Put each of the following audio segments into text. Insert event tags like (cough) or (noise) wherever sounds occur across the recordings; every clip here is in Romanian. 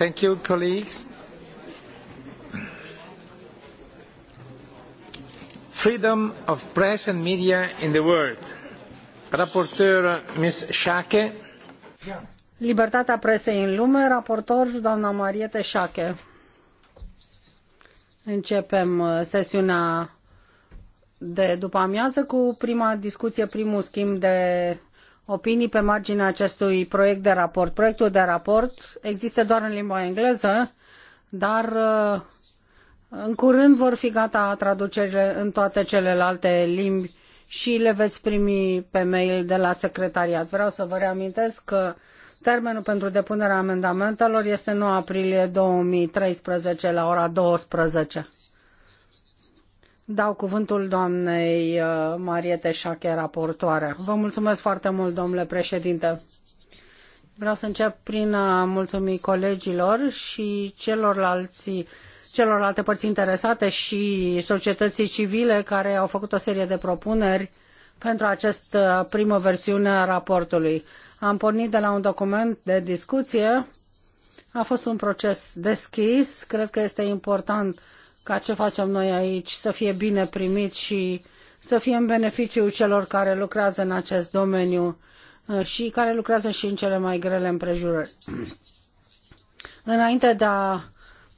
Thank you, colleagues. Freedom of press and media in the world. Ms. Schake. Libertatea presei în lume, raportor doamna Mariete Schake. Începem uh, sesiunea de după amiază cu prima discuție, primul schimb de opinii pe marginea acestui proiect de raport. Proiectul de raport există doar în limba engleză, dar uh, în curând vor fi gata traducerile în toate celelalte limbi și le veți primi pe mail de la secretariat. Vreau să vă reamintesc că termenul pentru depunerea amendamentelor este 9 aprilie 2013 la ora 12. Dau cuvântul doamnei uh, Mariete Șache, raportoare. Vă mulțumesc foarte mult, domnule președinte. Vreau să încep prin a mulțumi colegilor și celorlalți celorlalte părți interesate și societății civile care au făcut o serie de propuneri pentru această primă versiune a raportului. Am pornit de la un document de discuție, a fost un proces deschis, cred că este important ca ce facem noi aici să fie bine primit și să fie în beneficiul celor care lucrează în acest domeniu uh, și care lucrează și în cele mai grele împrejurări. (clears throat) Înainte de a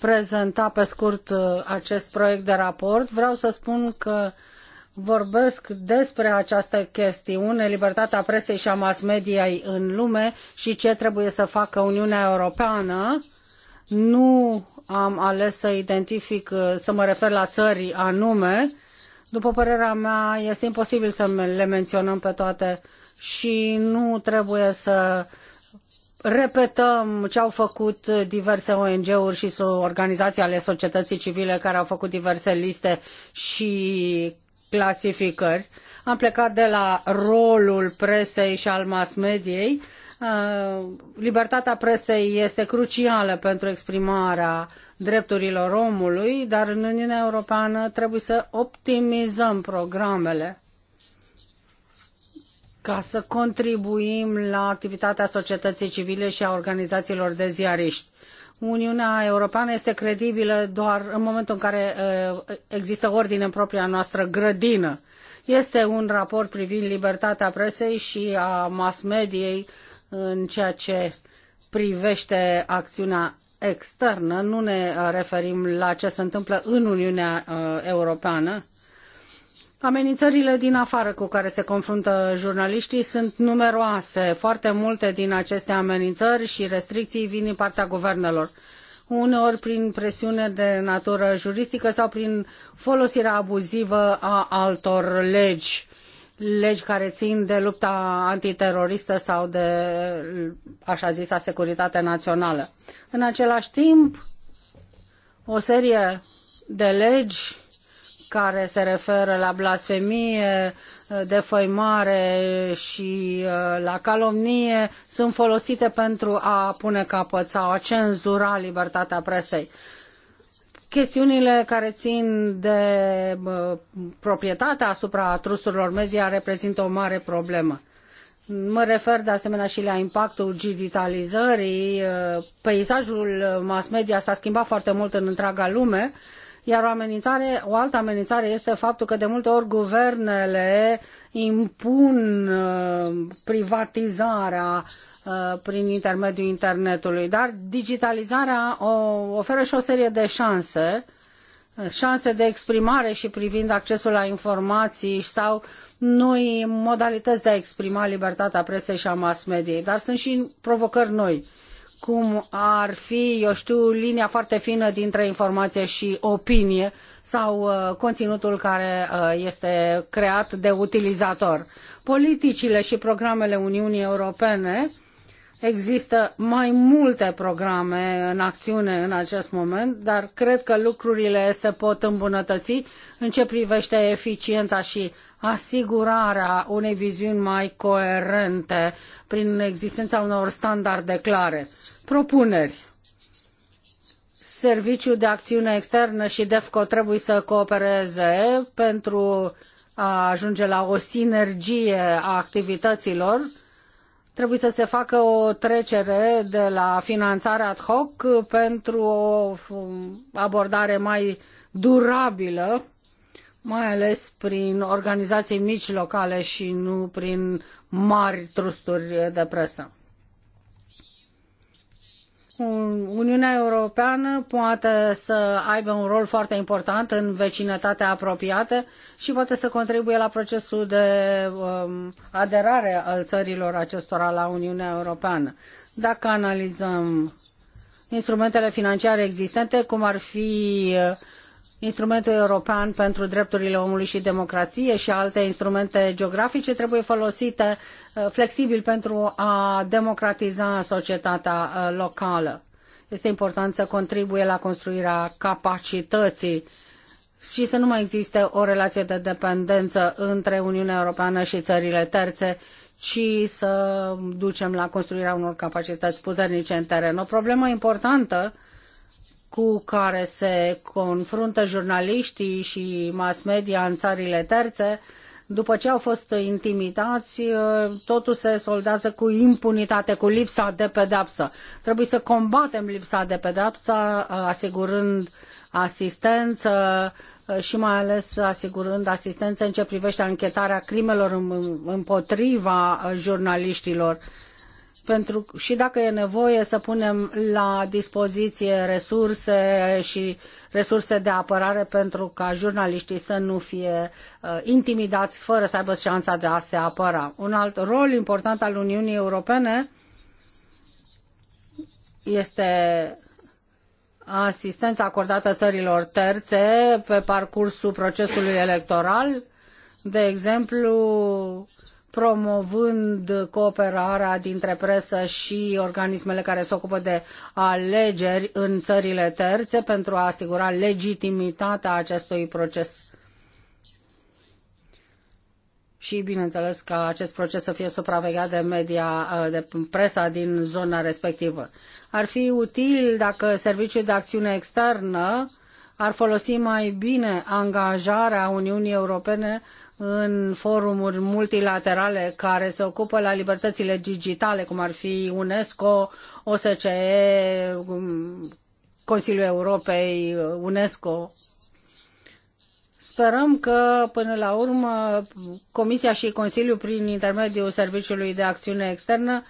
prezenta pe scurt uh, acest proiect de raport, vreau să spun că vorbesc despre această chestiune, libertatea presei și a mass mediei în lume și ce trebuie să facă Uniunea Europeană uh, nu am ales să identific, să mă refer la țări anume. După părerea mea, este imposibil să le menționăm pe toate și nu trebuie să repetăm ce au făcut diverse ONG-uri și organizații ale societății civile care au făcut diverse liste și clasificări. Am plecat de la rolul presei și al mass mediei Uh, libertatea presei este crucială pentru exprimarea drepturilor omului, dar în Uniunea Europeană trebuie să optimizăm programele ca să contribuim la activitatea societății civile și a organizațiilor de ziariști. Uniunea Europeană este credibilă doar în momentul în care uh, există ordine în propria noastră grădină. Este un raport privind libertatea presei și a mass mediei uh, în ceea ce privește acțiunea externă, nu ne referim la ce se întâmplă în Uniunea uh, Europeană. Amenințările din afară cu care se confruntă jurnaliștii sunt numeroase. Foarte multe din aceste amenințări și restricții vin din partea guvernelor uneori prin presiune de natură juristică sau prin folosirea abuzivă a altor legi legi care țin de lupta antiteroristă sau de așa zisa securitate națională. În același timp, o serie de legi care se referă la blasfemie, defăimare și uh, la calomnie sunt folosite pentru a pune capăt sau a cenzura libertatea presei. Chestiunile care țin de proprietatea asupra trusturilor media reprezintă o mare problemă. Mă refer de asemenea și la impactul digitalizării. Peisajul mass media s-a schimbat foarte mult în întreaga lume, iar o, amenințare, o altă amenințare este faptul că de multe ori guvernele impun privatizarea Uh, prin intermediul internetului. Dar digitalizarea oferă și o serie de șanse, șanse de exprimare și privind accesul la informații sau noi modalități de a exprima libertatea presei și a mass mediei, dar sunt și provocări noi cum ar fi, eu știu, linia foarte fină dintre informație și opinie sau uh, conținutul care uh, este creat de utilizator. Politicile și programele Uniunii Europene Există mai multe programe în acțiune în acest moment, dar cred că lucrurile se pot îmbunătăți în ce privește eficiența și asigurarea unei viziuni mai coerente prin existența unor standarde clare. Propuneri. Serviciul de acțiune externă și DEFCO trebuie să coopereze pentru a ajunge la o sinergie a activităților trebuie să se facă o trecere de la finanțarea ad hoc pentru o um, abordare mai durabilă, mai ales prin organizații mici locale și nu prin mari trusturi de presă. Uniunea Europeană poate să aibă un rol foarte important în vecinătatea apropiată și poate să contribuie la procesul de um, aderare al țărilor acestora la Uniunea Europeană. Dacă analizăm instrumentele financiare existente, cum ar fi uh, instrumentul european pentru drepturile omului și democrație și alte instrumente geografice trebuie folosite uh, flexibil pentru a democratiza societatea uh, locală. Este important să contribuie la construirea capacității și să nu mai existe o relație de dependență între Uniunea Europeană și țările terțe, ci să ducem la construirea unor capacități puternice în teren. O problemă importantă uh, cu care se confruntă jurnaliștii și mass media în țările terțe, după ce au fost intimidați, totul se soldează cu impunitate, cu lipsa de pedapsă. Trebuie să combatem lipsa de pedapsă, asigurând asistență și mai ales asigurând asistență în ce privește anchetarea crimelor împotriva jurnaliștilor pentru, și dacă e nevoie să punem la dispoziție resurse și resurse de apărare pentru ca jurnaliștii să nu fie uh, intimidați fără să aibă șansa de a se apăra. Un alt rol important al Uniunii Europene este asistența acordată țărilor terțe pe parcursul procesului electoral, de exemplu, promovând cooperarea dintre presă și organismele care se ocupă de alegeri în țările terțe pentru a asigura legitimitatea acestui proces. Și bineînțeles că acest proces să fie supravegheat de media, de presa din zona respectivă. Ar fi util dacă Serviciul de Acțiune Externă ar folosi mai bine angajarea Uniunii Europene în forumuri multilaterale care se ocupă la libertățile digitale, cum ar fi UNESCO, OSCE, um, Consiliul Europei, uh, UNESCO. Sperăm că, până la urmă, Comisia și Consiliul, prin intermediul Serviciului de Acțiune Externă,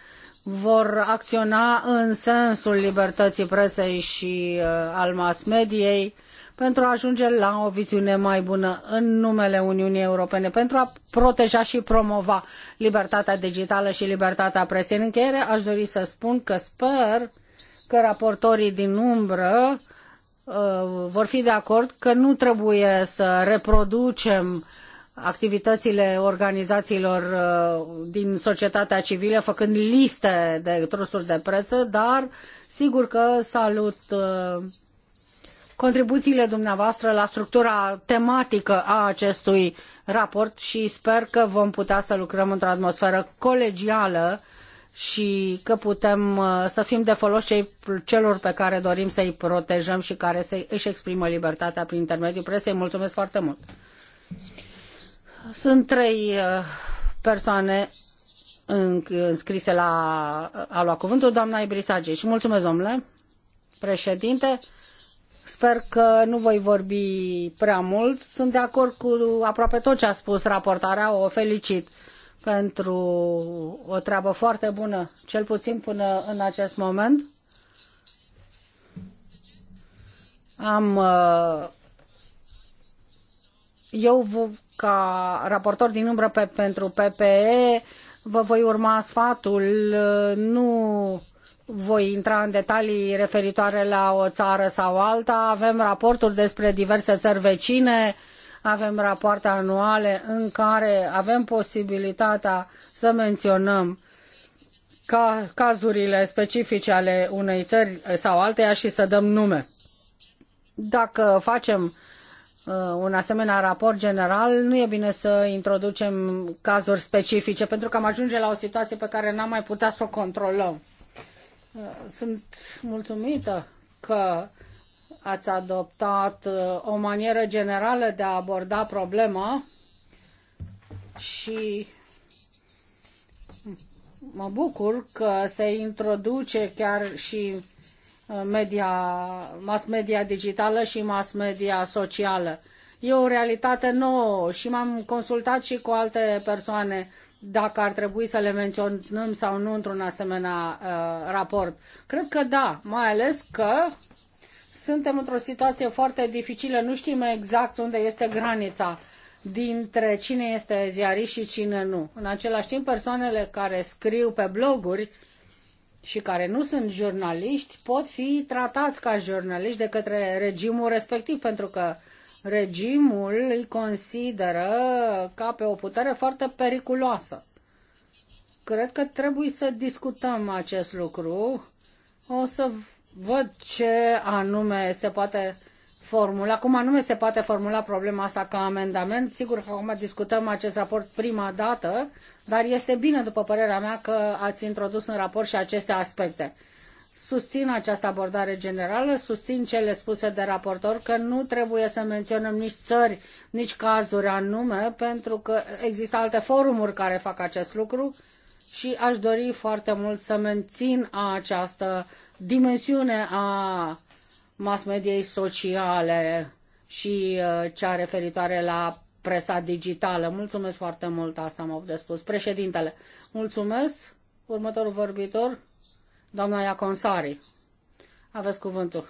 vor acționa în sensul libertății presei și uh, al mass mediei, pentru a ajunge la o viziune mai bună în numele Uniunii Europene, pentru a proteja și promova libertatea digitală și libertatea presei. În încheiere, aș dori să spun că sper că raportorii din umbră uh, vor fi de acord că nu trebuie să reproducem activitățile organizațiilor uh, din societatea civilă, făcând liste de trusuri de presă, dar sigur că salut uh, contribuțiile dumneavoastră la structura tematică a acestui raport și sper că vom putea să lucrăm într-o atmosferă colegială și că putem uh, să fim de folos celor pe care dorim să-i protejăm și care să își exprimă libertatea prin intermediul presei. Mulțumesc foarte mult! Sunt trei uh, persoane înscrise la a lua cuvântul, doamna Ibrisage. Și mulțumesc, domnule președinte. Sper că nu voi vorbi prea mult. Sunt de acord cu aproape tot ce a spus raportarea. O felicit pentru o treabă foarte bună, cel puțin până în acest moment. Am uh, eu ca raportor din umbră pe, pentru PPE vă voi urma sfatul, uh, nu voi intra în detalii referitoare la o țară sau alta. Avem raporturi despre diverse țări vecine, avem rapoarte anuale în care avem posibilitatea să menționăm ca cazurile specifice ale unei țări sau alteia și să dăm nume. Dacă facem uh, un asemenea raport general, nu e bine să introducem cazuri specifice, pentru că am ajunge la o situație pe care n-am mai putea să o controlăm. Sunt mulțumită că ați adoptat uh, o manieră generală de a aborda problema și mă bucur că se introduce chiar și uh, media, mass media digitală și mass media socială. E o realitate nouă și m-am consultat și cu alte persoane dacă ar trebui să le menționăm sau nu într-un asemenea uh, raport. Cred că da, mai ales că suntem într-o situație foarte dificilă, nu știm exact unde este granița dintre cine este ziarist și cine nu. În același timp, persoanele care scriu pe bloguri și care nu sunt jurnaliști pot fi tratați ca jurnaliști de către regimul respectiv, pentru că uh, regimul îi consideră ca pe o putere foarte periculoasă. Cred că trebuie să discutăm acest lucru. O să văd ce anume se poate formula, cum anume se poate formula problema asta ca amendament. Sigur că acum discutăm acest raport prima dată, dar este bine, după părerea mea, că ați introdus în raport și aceste aspecte. Susțin această abordare generală, susțin cele spuse de raportor că nu trebuie să menționăm nici țări, nici cazuri anume, pentru că există alte forumuri care fac acest lucru și aș dori foarte mult să mențin această dimensiune a mass mediei sociale și uh, cea referitoare la presa digitală. Mulțumesc foarte mult, asta m-au de spus. Președintele, mulțumesc. Următorul vorbitor. Doamna Iaconsari, aveți cuvântul.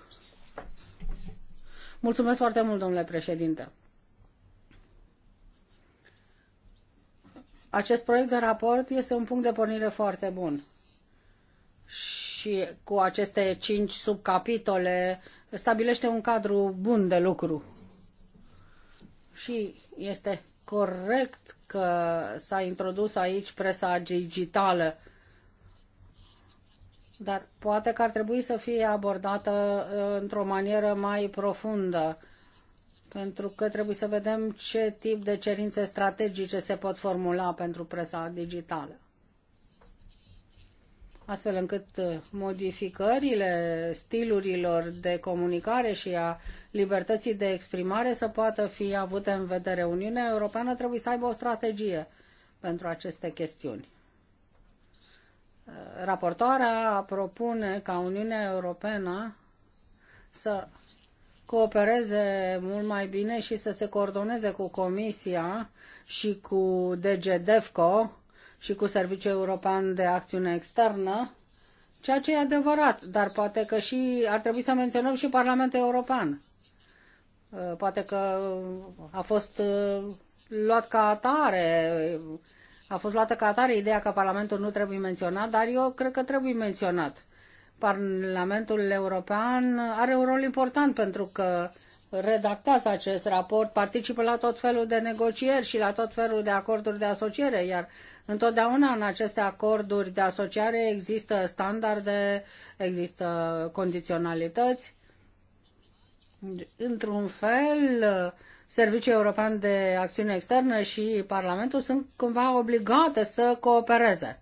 Mulțumesc foarte mult, domnule președinte. Acest proiect de raport este un punct de pornire foarte bun. Și cu aceste cinci subcapitole stabilește un cadru bun de lucru. Și este corect că s-a introdus aici presa digitală dar poate că ar trebui să fie abordată uh, într-o manieră mai profundă, pentru că trebuie să vedem ce tip de cerințe strategice se pot formula pentru presa digitală. Astfel încât uh, modificările stilurilor de comunicare și a libertății de exprimare să poată fi avute în vedere. Uniunea Europeană trebuie să aibă o strategie pentru aceste chestiuni. Raportoarea propune ca Uniunea Europeană să coopereze mult mai bine și să se coordoneze cu Comisia și cu DGDEFCO și cu Serviciul European de Acțiune Externă, ceea ce e adevărat, dar poate că și ar trebui să menționăm și Parlamentul European. Poate că a fost uh, luat ca atare a fost luată ca atare ideea că Parlamentul nu trebuie menționat, dar eu cred că trebuie menționat. Parlamentul European are un rol important pentru că redactează acest raport, participă la tot felul de negocieri și la tot felul de acorduri de asociere, iar întotdeauna în aceste acorduri de asociere există standarde, există condiționalități. Într-un fel, Serviciul European de Acțiune Externă și Parlamentul sunt cumva obligate să coopereze.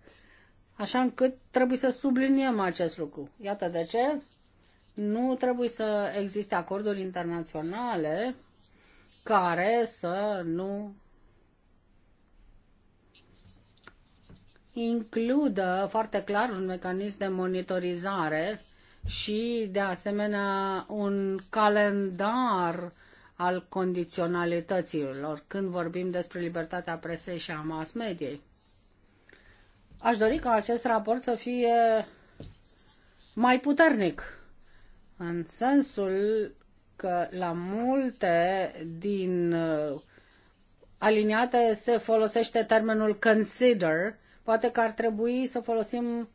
Așa încât trebuie să subliniem acest lucru. Iată de ce nu trebuie să existe acorduri internaționale care să nu includă foarte clar un mecanism de monitorizare și, de asemenea, un calendar al condiționalităților când vorbim despre libertatea presei și a mass mediei. Aș dori ca acest raport să fie mai puternic, în sensul că la multe din uh, aliniate se folosește termenul consider, poate că ar trebui să folosim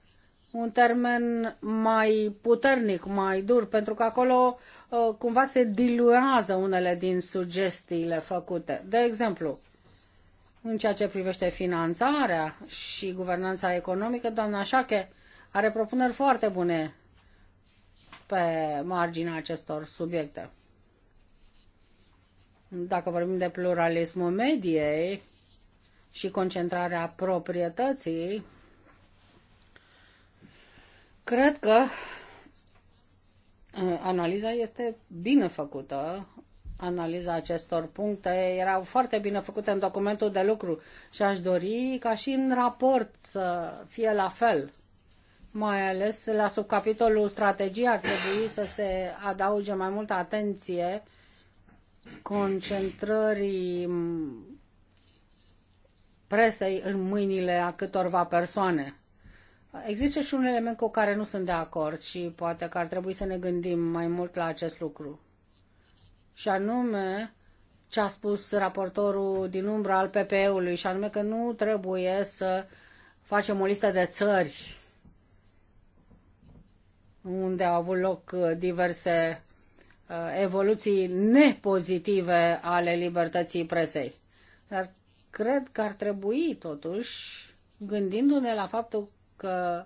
un termen mai puternic, mai dur, pentru că acolo uh, cumva se diluează unele din sugestiile făcute. De exemplu, în ceea ce privește finanțarea și guvernanța economică, doamna Șache are propuneri foarte bune pe marginea acestor subiecte. Dacă vorbim de pluralismul mediei și concentrarea proprietății, Cred că uh, analiza este bine făcută. Analiza acestor puncte erau foarte bine făcute în documentul de lucru și aș dori ca și în raport să fie la fel. Mai ales la subcapitolul strategie ar trebui să se adauge mai multă atenție concentrării presei în mâinile a câtorva persoane. Există și un element cu care nu sunt de acord și poate că ar trebui să ne gândim mai mult la acest lucru. Și anume ce a spus raportorul din umbra al PPE-ului, și anume că nu trebuie să facem o listă de țări unde au avut loc diverse uh, evoluții nepozitive ale libertății presei. Dar cred că ar trebui, totuși, gândindu-ne la faptul că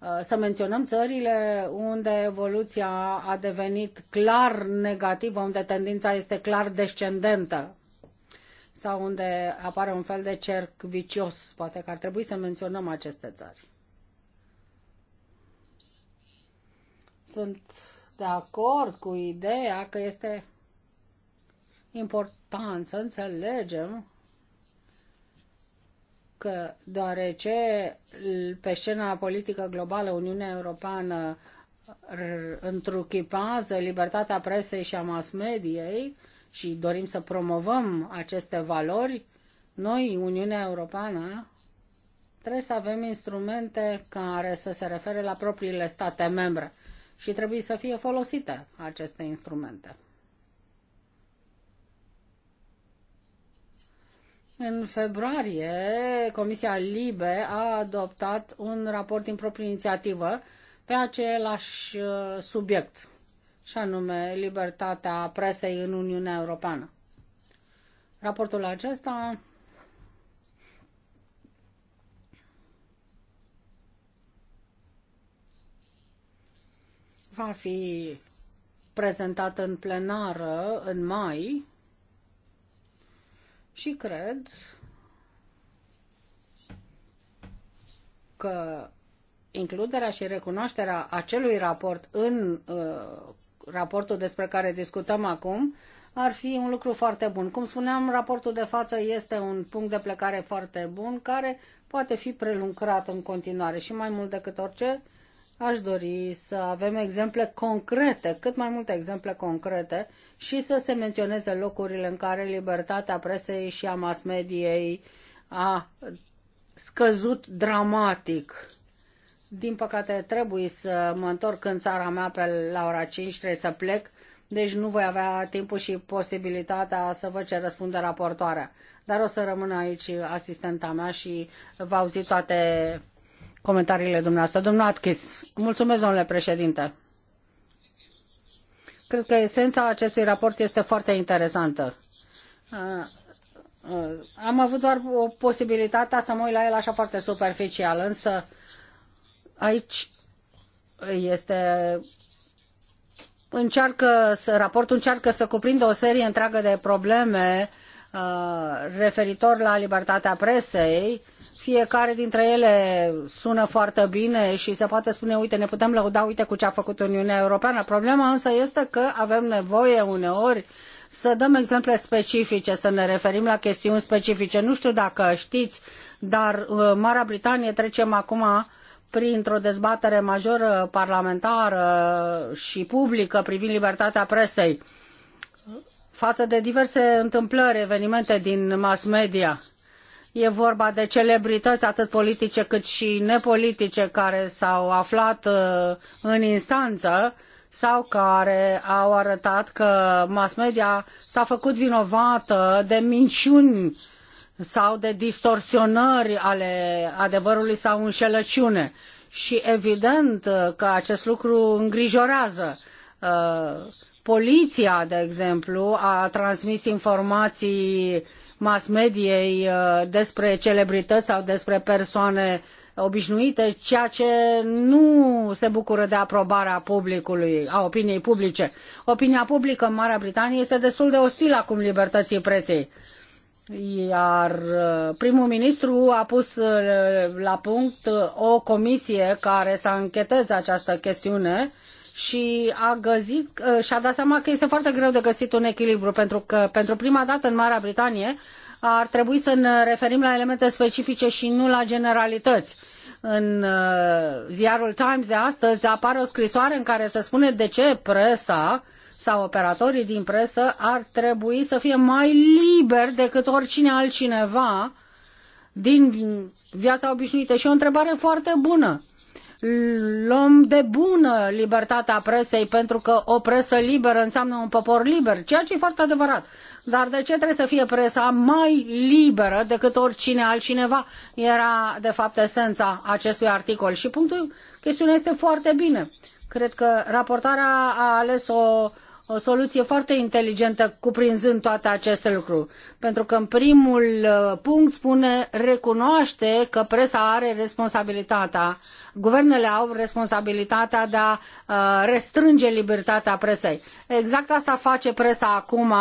uh, să menționăm țările unde evoluția a devenit clar negativă, unde tendința este clar descendentă sau unde apare un fel de cerc vicios. Poate că ar trebui să menționăm aceste țări. Sunt de acord cu ideea că este important să înțelegem că deoarece pe scena politică globală Uniunea Europeană întruchipează libertatea presei și a mass mediei și dorim să promovăm aceste valori, noi, Uniunea Europeană, trebuie să avem instrumente care să se refere la propriile state membre și trebuie să fie folosite aceste instrumente. În februarie, Comisia Libe a adoptat un raport din proprie inițiativă pe același uh, subiect, și anume libertatea presei în Uniunea Europeană. Raportul acesta va fi prezentat în plenară în mai și cred că includerea și recunoașterea acelui raport în uh, raportul despre care discutăm acum ar fi un lucru foarte bun. Cum spuneam, raportul de față este un punct de plecare foarte bun care poate fi prelucrat în continuare și mai mult decât orice Aș dori să avem exemple concrete, cât mai multe exemple concrete și să se menționeze locurile în care libertatea presei și a mass mediei a scăzut dramatic. Din păcate trebuie să mă întorc în țara mea pe la ora 5, trebuie să plec, deci nu voi avea timpul și posibilitatea să vă ce răspunde raportoarea. Dar o să rămân aici asistenta mea și va auzi toate comentariile dumneavoastră. Domnul Atkins, mulțumesc, domnule președinte. Cred că esența acestui raport este foarte interesantă. Uh, uh, am avut doar o posibilitatea să mă uit la el așa foarte superficial, însă aici este încearcă să, raportul încearcă să cuprindă o serie întreagă de probleme uh, Uh, referitor la libertatea presei. Fiecare dintre ele sună foarte bine și se poate spune, uite, ne putem lăuda, uite cu ce a făcut Uniunea Europeană. Problema însă este că avem nevoie uneori să dăm exemple specifice, să ne referim la chestiuni specifice. Nu știu dacă știți, dar uh, Marea Britanie trecem acum printr-o dezbatere majoră parlamentară și publică privind libertatea presei față de diverse întâmplări, evenimente din mass media. E vorba de celebrități atât politice cât și nepolitice care s-au aflat uh, în instanță sau care au arătat că mass media s-a făcut vinovată de minciuni sau de distorsionări ale adevărului sau înșelăciune. Și evident că acest lucru îngrijorează uh, Poliția, de exemplu, a transmis informații mass mediei uh, despre celebrități sau despre persoane obișnuite, ceea ce nu se bucură de aprobarea publicului, a opiniei publice. Opinia publică în Marea Britanie este destul de ostilă acum libertății presei. Iar uh, primul ministru a pus uh, la punct o comisie care să ancheteze această chestiune și a găsit, uh, și-a dat seama că este foarte greu de găsit un echilibru, pentru că pentru prima dată în Marea Britanie ar trebui să ne referim la elemente specifice și nu la generalități. În uh, ziarul Times de astăzi apare o scrisoare în care se spune de ce presa sau operatorii din presă ar trebui să fie mai liberi decât oricine altcineva din viața obișnuită. Și o întrebare foarte bună luăm de bună libertatea presei, pentru că o presă liberă înseamnă un popor liber, ceea ce e foarte adevărat. Dar de ce trebuie să fie presa mai liberă decât oricine altcineva? Era, de fapt, esența acestui articol. Și punctul, chestiunea este foarte bine. Cred că raportarea a ales o o soluție foarte inteligentă cuprinzând toate aceste lucruri. Pentru că în primul uh, punct spune recunoaște că presa are responsabilitatea, guvernele au responsabilitatea de a uh, restrânge libertatea presei. Exact asta face presa acum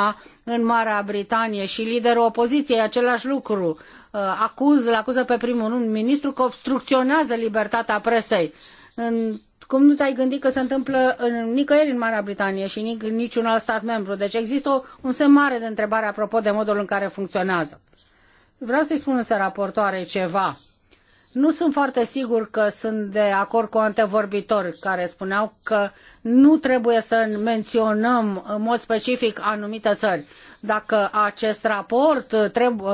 în Marea Britanie și liderul opoziției același lucru. Uh, acuz, îl acuză pe primul ministru că obstrucționează libertatea presei în cum nu te-ai gândit că se întâmplă în, nicăieri în Marea Britanie și nic, niciun alt stat membru? Deci există o, un semn mare de întrebare apropo de modul în care funcționează. Vreau să-i spun însă raportoare ceva. Nu sunt foarte sigur că sunt de acord cu antevorbitori care spuneau că nu trebuie să menționăm în mod specific anumite țări. Dacă acest raport trebuie,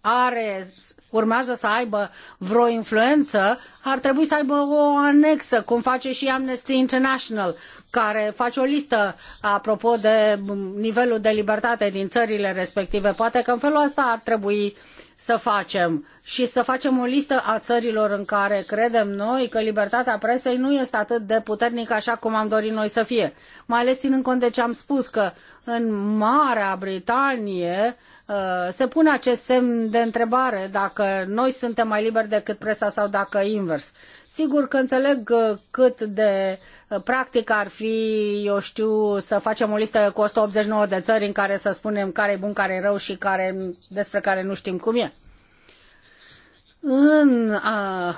are urmează să aibă vreo influență, ar trebui să aibă o anexă, cum face și Amnesty International, care face o listă apropo de nivelul de libertate din țările respective. Poate că în felul ăsta ar trebui să facem și să facem o listă a țărilor în care credem noi că libertatea presei nu este atât de puternică așa cum am dorit noi să fie. Mai ales ținând cont de ce am spus că în Marea Britanie Uh, se pune acest semn de întrebare dacă noi suntem mai liberi decât presa sau dacă invers. Sigur că înțeleg uh, cât de uh, practic ar fi, eu știu, să facem o listă cu 189 de țări în care să spunem care e bun, care e rău și care, despre care nu știm cum e. În a,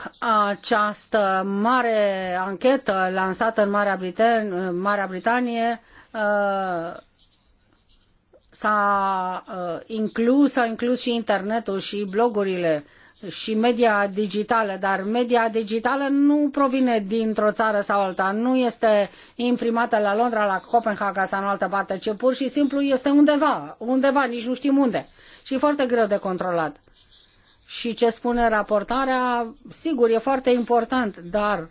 această mare anchetă lansată în Marea, Briten, Marea Britanie, a, s-a uh, inclus, s-au inclus și internetul și blogurile și media digitală, dar media digitală nu provine dintr-o țară sau alta, nu este imprimată la Londra, la Copenhaga sau în altă parte, ci pur și simplu este undeva, undeva, nici nu știm unde. Și e foarte greu de controlat. Și ce spune raportarea, sigur, e foarte important, dar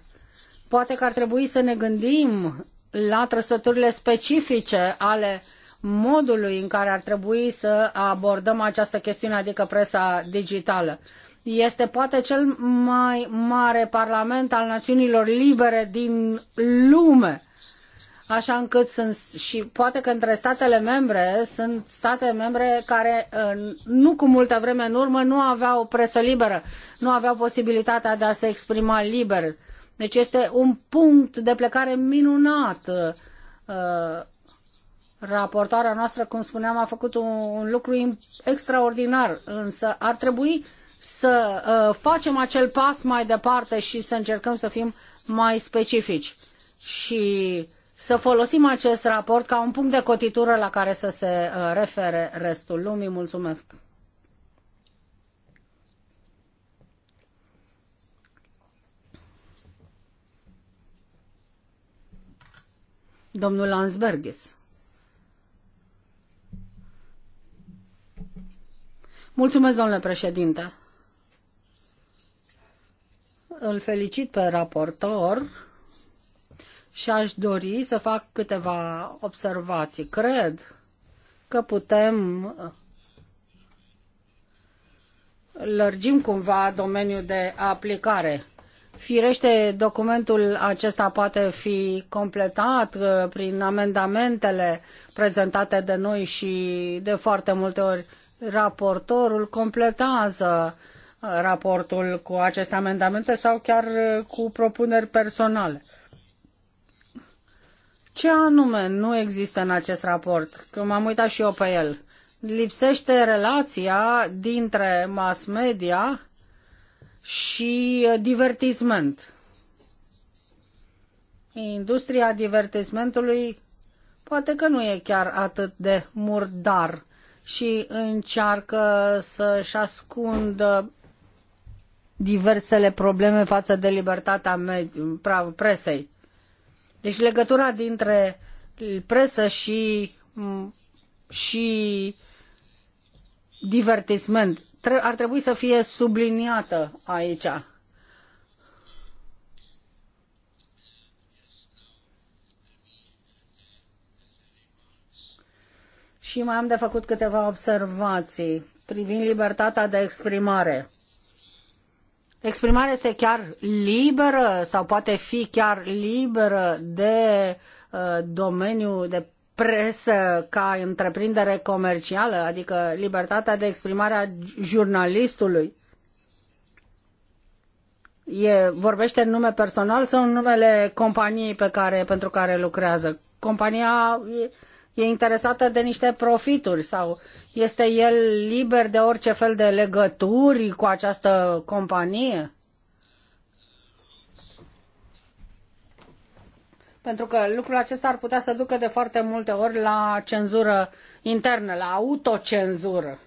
poate că ar trebui să ne gândim la trăsăturile specifice ale uh, modului în care ar trebui să abordăm această chestiune, adică presa digitală. Este poate cel mai mare parlament al națiunilor libere din lume așa încât sunt și poate că între statele membre sunt state membre care nu cu multă vreme în urmă nu aveau presă liberă, nu aveau posibilitatea de a se exprima liber. Deci este un punct de plecare minunat uh, Raportoarea noastră, cum spuneam, a făcut un, un lucru extraordinar, însă ar trebui să uh, facem acel pas mai departe și să încercăm să fim mai specifici și să folosim acest raport ca un punct de cotitură la care să se uh, refere restul lumii. Mulțumesc! Domnul Lansbergis. Mulțumesc, domnule președinte. Îl felicit pe raportor și aș dori să fac câteva observații. Cred că putem lărgim cumva domeniul de aplicare. Firește, documentul acesta poate fi completat uh, prin amendamentele prezentate de noi și de foarte multe ori raportorul completează uh, raportul cu aceste amendamente sau chiar uh, cu propuneri personale. Ce anume nu există în acest raport? Că m-am uitat și eu pe el. Lipsește relația dintre mass media și uh, divertisment. Industria divertismentului poate că nu e chiar atât de murdar și încearcă să-și ascundă diversele probleme față de libertatea presei. Deci legătura dintre presă și, și divertisment ar trebui să fie subliniată aici. și mai am de făcut câteva observații privind libertatea de exprimare. Exprimarea este chiar liberă sau poate fi chiar liberă de uh, domeniul de presă ca întreprindere comercială, adică libertatea de exprimare a jurnalistului. E, vorbește în nume personal sau în numele companiei pe care, pentru care lucrează? Compania e, e interesată de niște profituri sau este el liber de orice fel de legături cu această companie? Pentru că lucrul acesta ar putea să ducă de foarte multe ori la cenzură internă, la autocenzură.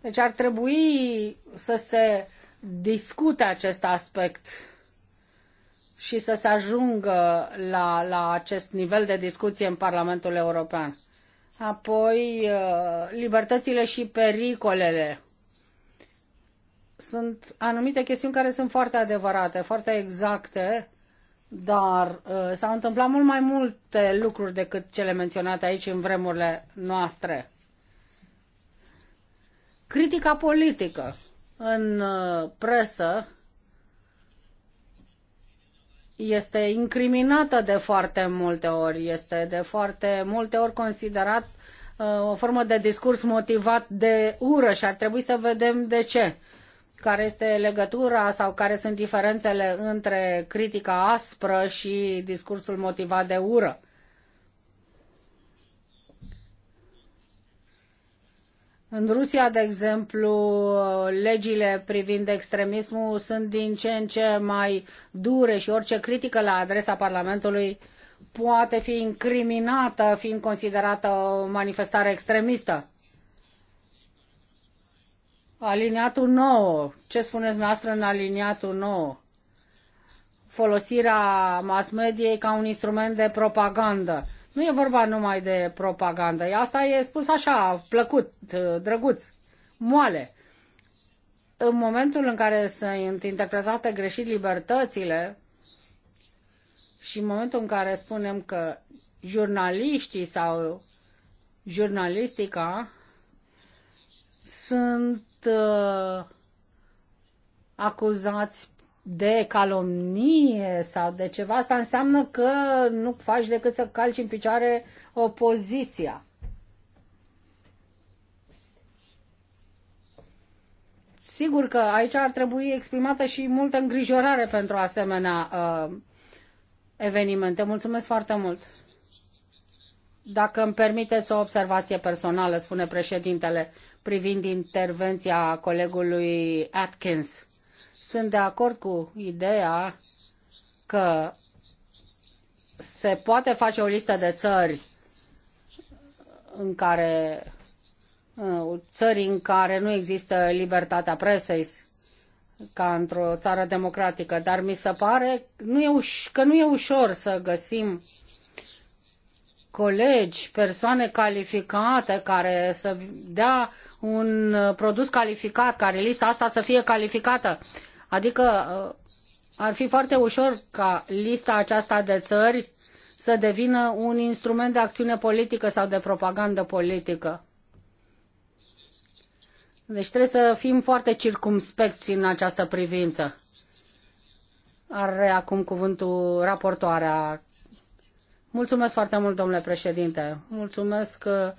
Deci ar trebui să se discute acest aspect și să se ajungă la, la acest nivel de discuție în Parlamentul European. Apoi, uh, libertățile și pericolele. Sunt anumite chestiuni care sunt foarte adevărate, foarte exacte, dar uh, s-au întâmplat mult mai multe lucruri decât cele menționate aici în vremurile noastre. Critica politică în uh, presă este incriminată de foarte multe ori, este de foarte multe ori considerat uh, o formă de discurs motivat de ură și ar trebui să vedem de ce. Care este legătura sau care sunt diferențele între critica aspră și discursul motivat de ură. În Rusia, de exemplu, legile privind extremismul sunt din ce în ce mai dure și orice critică la adresa Parlamentului poate fi incriminată, fiind considerată o manifestare extremistă. Aliniatul 9. Ce spuneți noastră în aliniatul 9? Folosirea mass mediei ca un instrument de propagandă. Nu e vorba numai de propagandă. Asta e spus așa, plăcut, drăguț, moale. În momentul în care sunt interpretate greșit libertățile și în momentul în care spunem că jurnaliștii sau jurnalistica sunt uh, acuzați de calomnie sau de ceva, asta înseamnă că nu faci decât să calci în picioare opoziția. Sigur că aici ar trebui exprimată și multă îngrijorare pentru asemenea uh, evenimente. Mulțumesc foarte mult! Dacă îmi permiteți o observație personală, spune președintele, privind intervenția colegului Atkins sunt de acord cu ideea că se poate face o listă de țări în care uh, țări în care nu există libertatea presei ca într-o țară democratică, dar mi se pare nu e uș- că nu e ușor să găsim colegi, persoane calificate care să dea un produs calificat, care lista asta să fie calificată. Adică uh, ar fi foarte ușor ca lista aceasta de țări să devină un instrument de acțiune politică sau de propagandă politică. Deci trebuie să fim foarte circumspecți în această privință. Are acum cuvântul raportoarea. Mulțumesc foarte mult, domnule președinte. Mulțumesc uh,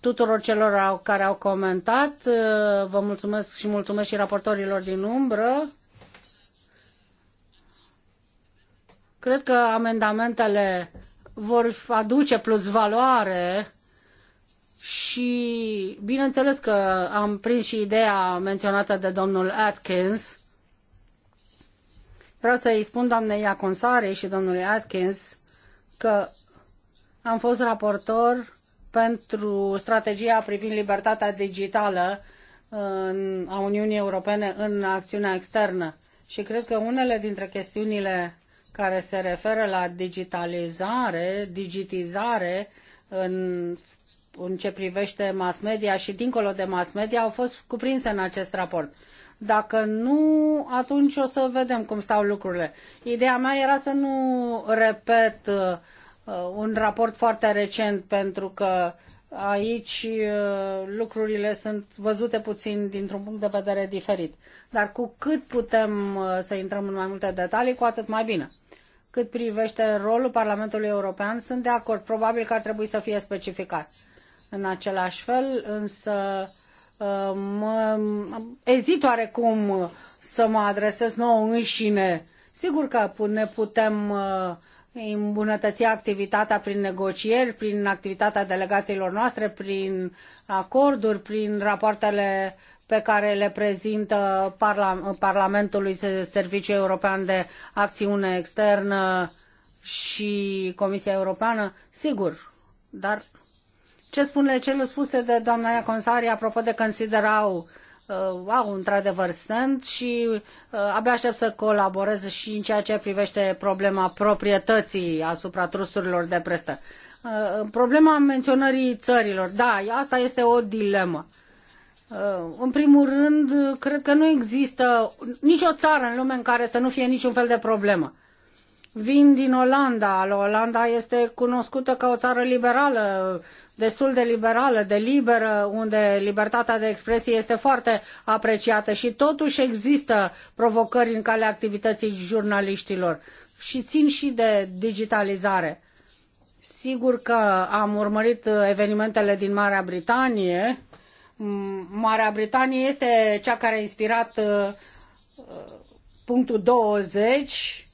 tuturor celor care au comentat. Uh, vă mulțumesc și mulțumesc și raportorilor din umbră. Cred că amendamentele vor aduce plus valoare și bineînțeles că am prins și ideea menționată de domnul Atkins. Vreau să îi spun doamnei Iaconsare și domnului Atkins că am fost raportor pentru strategia privind libertatea digitală în, a Uniunii Europene în acțiunea externă. Și cred că unele dintre chestiunile care se referă la digitalizare, digitizare în, în ce privește mass media și dincolo de mass media au fost cuprinse în acest raport. Dacă nu, atunci o să vedem cum stau lucrurile. Ideea mea era să nu repet uh, Uh, un raport foarte recent pentru că aici uh, lucrurile sunt văzute puțin dintr-un punct de vedere diferit. Dar cu cât putem uh, să intrăm în mai multe detalii, cu atât mai bine. Cât privește rolul Parlamentului European, sunt de acord. Probabil că ar trebui să fie specificat. În același fel, însă, mă, ezit oarecum să mă adresez nouă înșine. Sigur că ne putem îmbunătăți activitatea prin negocieri, prin activitatea delegațiilor noastre, prin acorduri, prin rapoartele pe care le prezintă Parla Parlamentului Serviciul European de Acțiune Externă și Comisia Europeană, sigur, dar ce spune cele spuse de doamna Iaconsari apropo de considerau Uh, au într-adevăr sunt și uh, abia aștept să colaborez și în ceea ce privește problema proprietății asupra trusturilor de prestă. Uh, problema menționării țărilor, da, asta este o dilemă. În primul rând, cred că nu există nicio țară în lume în care să nu fie niciun fel de problemă. Vin din Olanda. Olanda este cunoscută ca o țară liberală, destul de liberală, de liberă, unde libertatea de expresie este foarte apreciată și totuși există provocări în calea activității jurnaliștilor și țin și de digitalizare. Sigur că am urmărit evenimentele din Marea Britanie. Marea Britanie este cea care a inspirat uh, punctul 20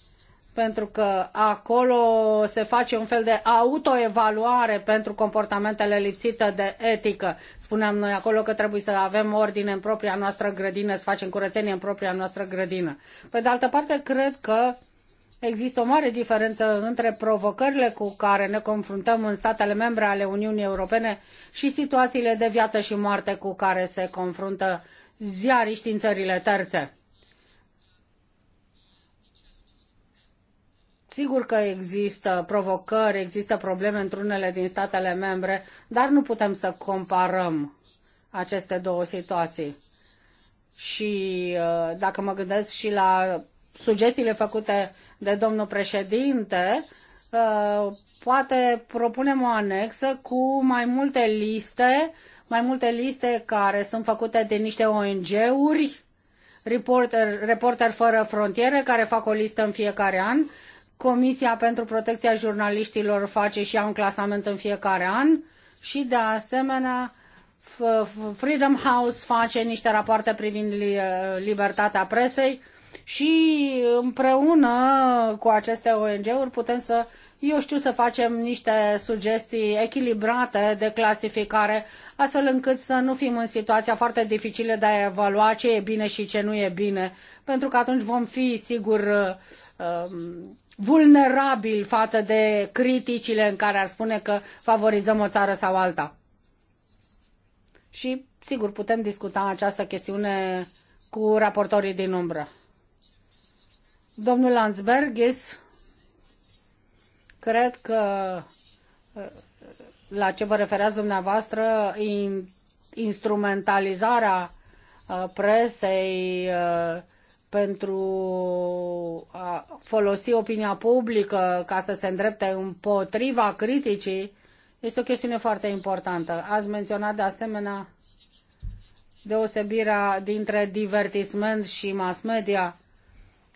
pentru că acolo se face un fel de autoevaluare pentru comportamentele lipsite de etică. Spuneam noi acolo că trebuie să avem ordine în propria noastră grădină, să facem curățenie în propria noastră grădină. Pe de altă parte, cred că Există o mare diferență între provocările cu care ne confruntăm în statele membre ale Uniunii Europene și situațiile de viață și moarte cu care se confruntă ziariști în țările terțe. Sigur că există provocări, există probleme într-unele din statele membre, dar nu putem să comparăm aceste două situații. Și uh, dacă mă gândesc și la sugestiile făcute de domnul președinte, uh, poate propunem o anexă cu mai multe liste, mai multe liste care sunt făcute de niște ONG-uri, reporter, reporter fără frontiere, care fac o listă în fiecare an Comisia pentru Protecția Jurnaliștilor face și ea un clasament în fiecare an și, de asemenea, Freedom House face niște rapoarte privind libertatea presei și împreună cu aceste ONG-uri putem să, eu știu, să facem niște sugestii echilibrate de clasificare, astfel încât să nu fim în situația foarte dificilă de a evalua ce e bine și ce nu e bine, pentru că atunci vom fi sigur uh, um, vulnerabil față de criticile în care ar spune că favorizăm o țară sau alta. Și, sigur, putem discuta această chestiune cu raportorii din umbră. Domnul Landsbergis, cred că uh, la ce vă referați dumneavoastră, instrumentalizarea uh, presei, uh, pentru a folosi opinia publică ca să se îndrepte împotriva criticii este o chestiune foarte importantă. Ați menționat de asemenea deosebirea dintre divertisment și mass media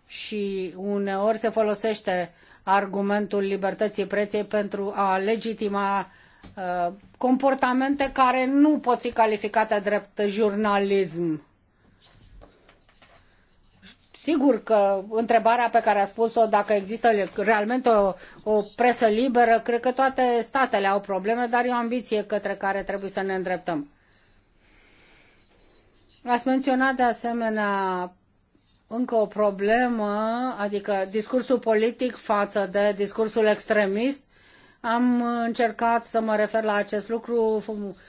și uneori se folosește argumentul libertății preței pentru a legitima uh, comportamente care nu pot fi calificate drept jurnalism Sigur că întrebarea pe care a spus-o, dacă există realmente o, o presă liberă, cred că toate statele au probleme, dar e o ambiție către care trebuie să ne îndreptăm. Ați menționat de asemenea încă o problemă, adică discursul politic față de discursul extremist am încercat să mă refer la acest lucru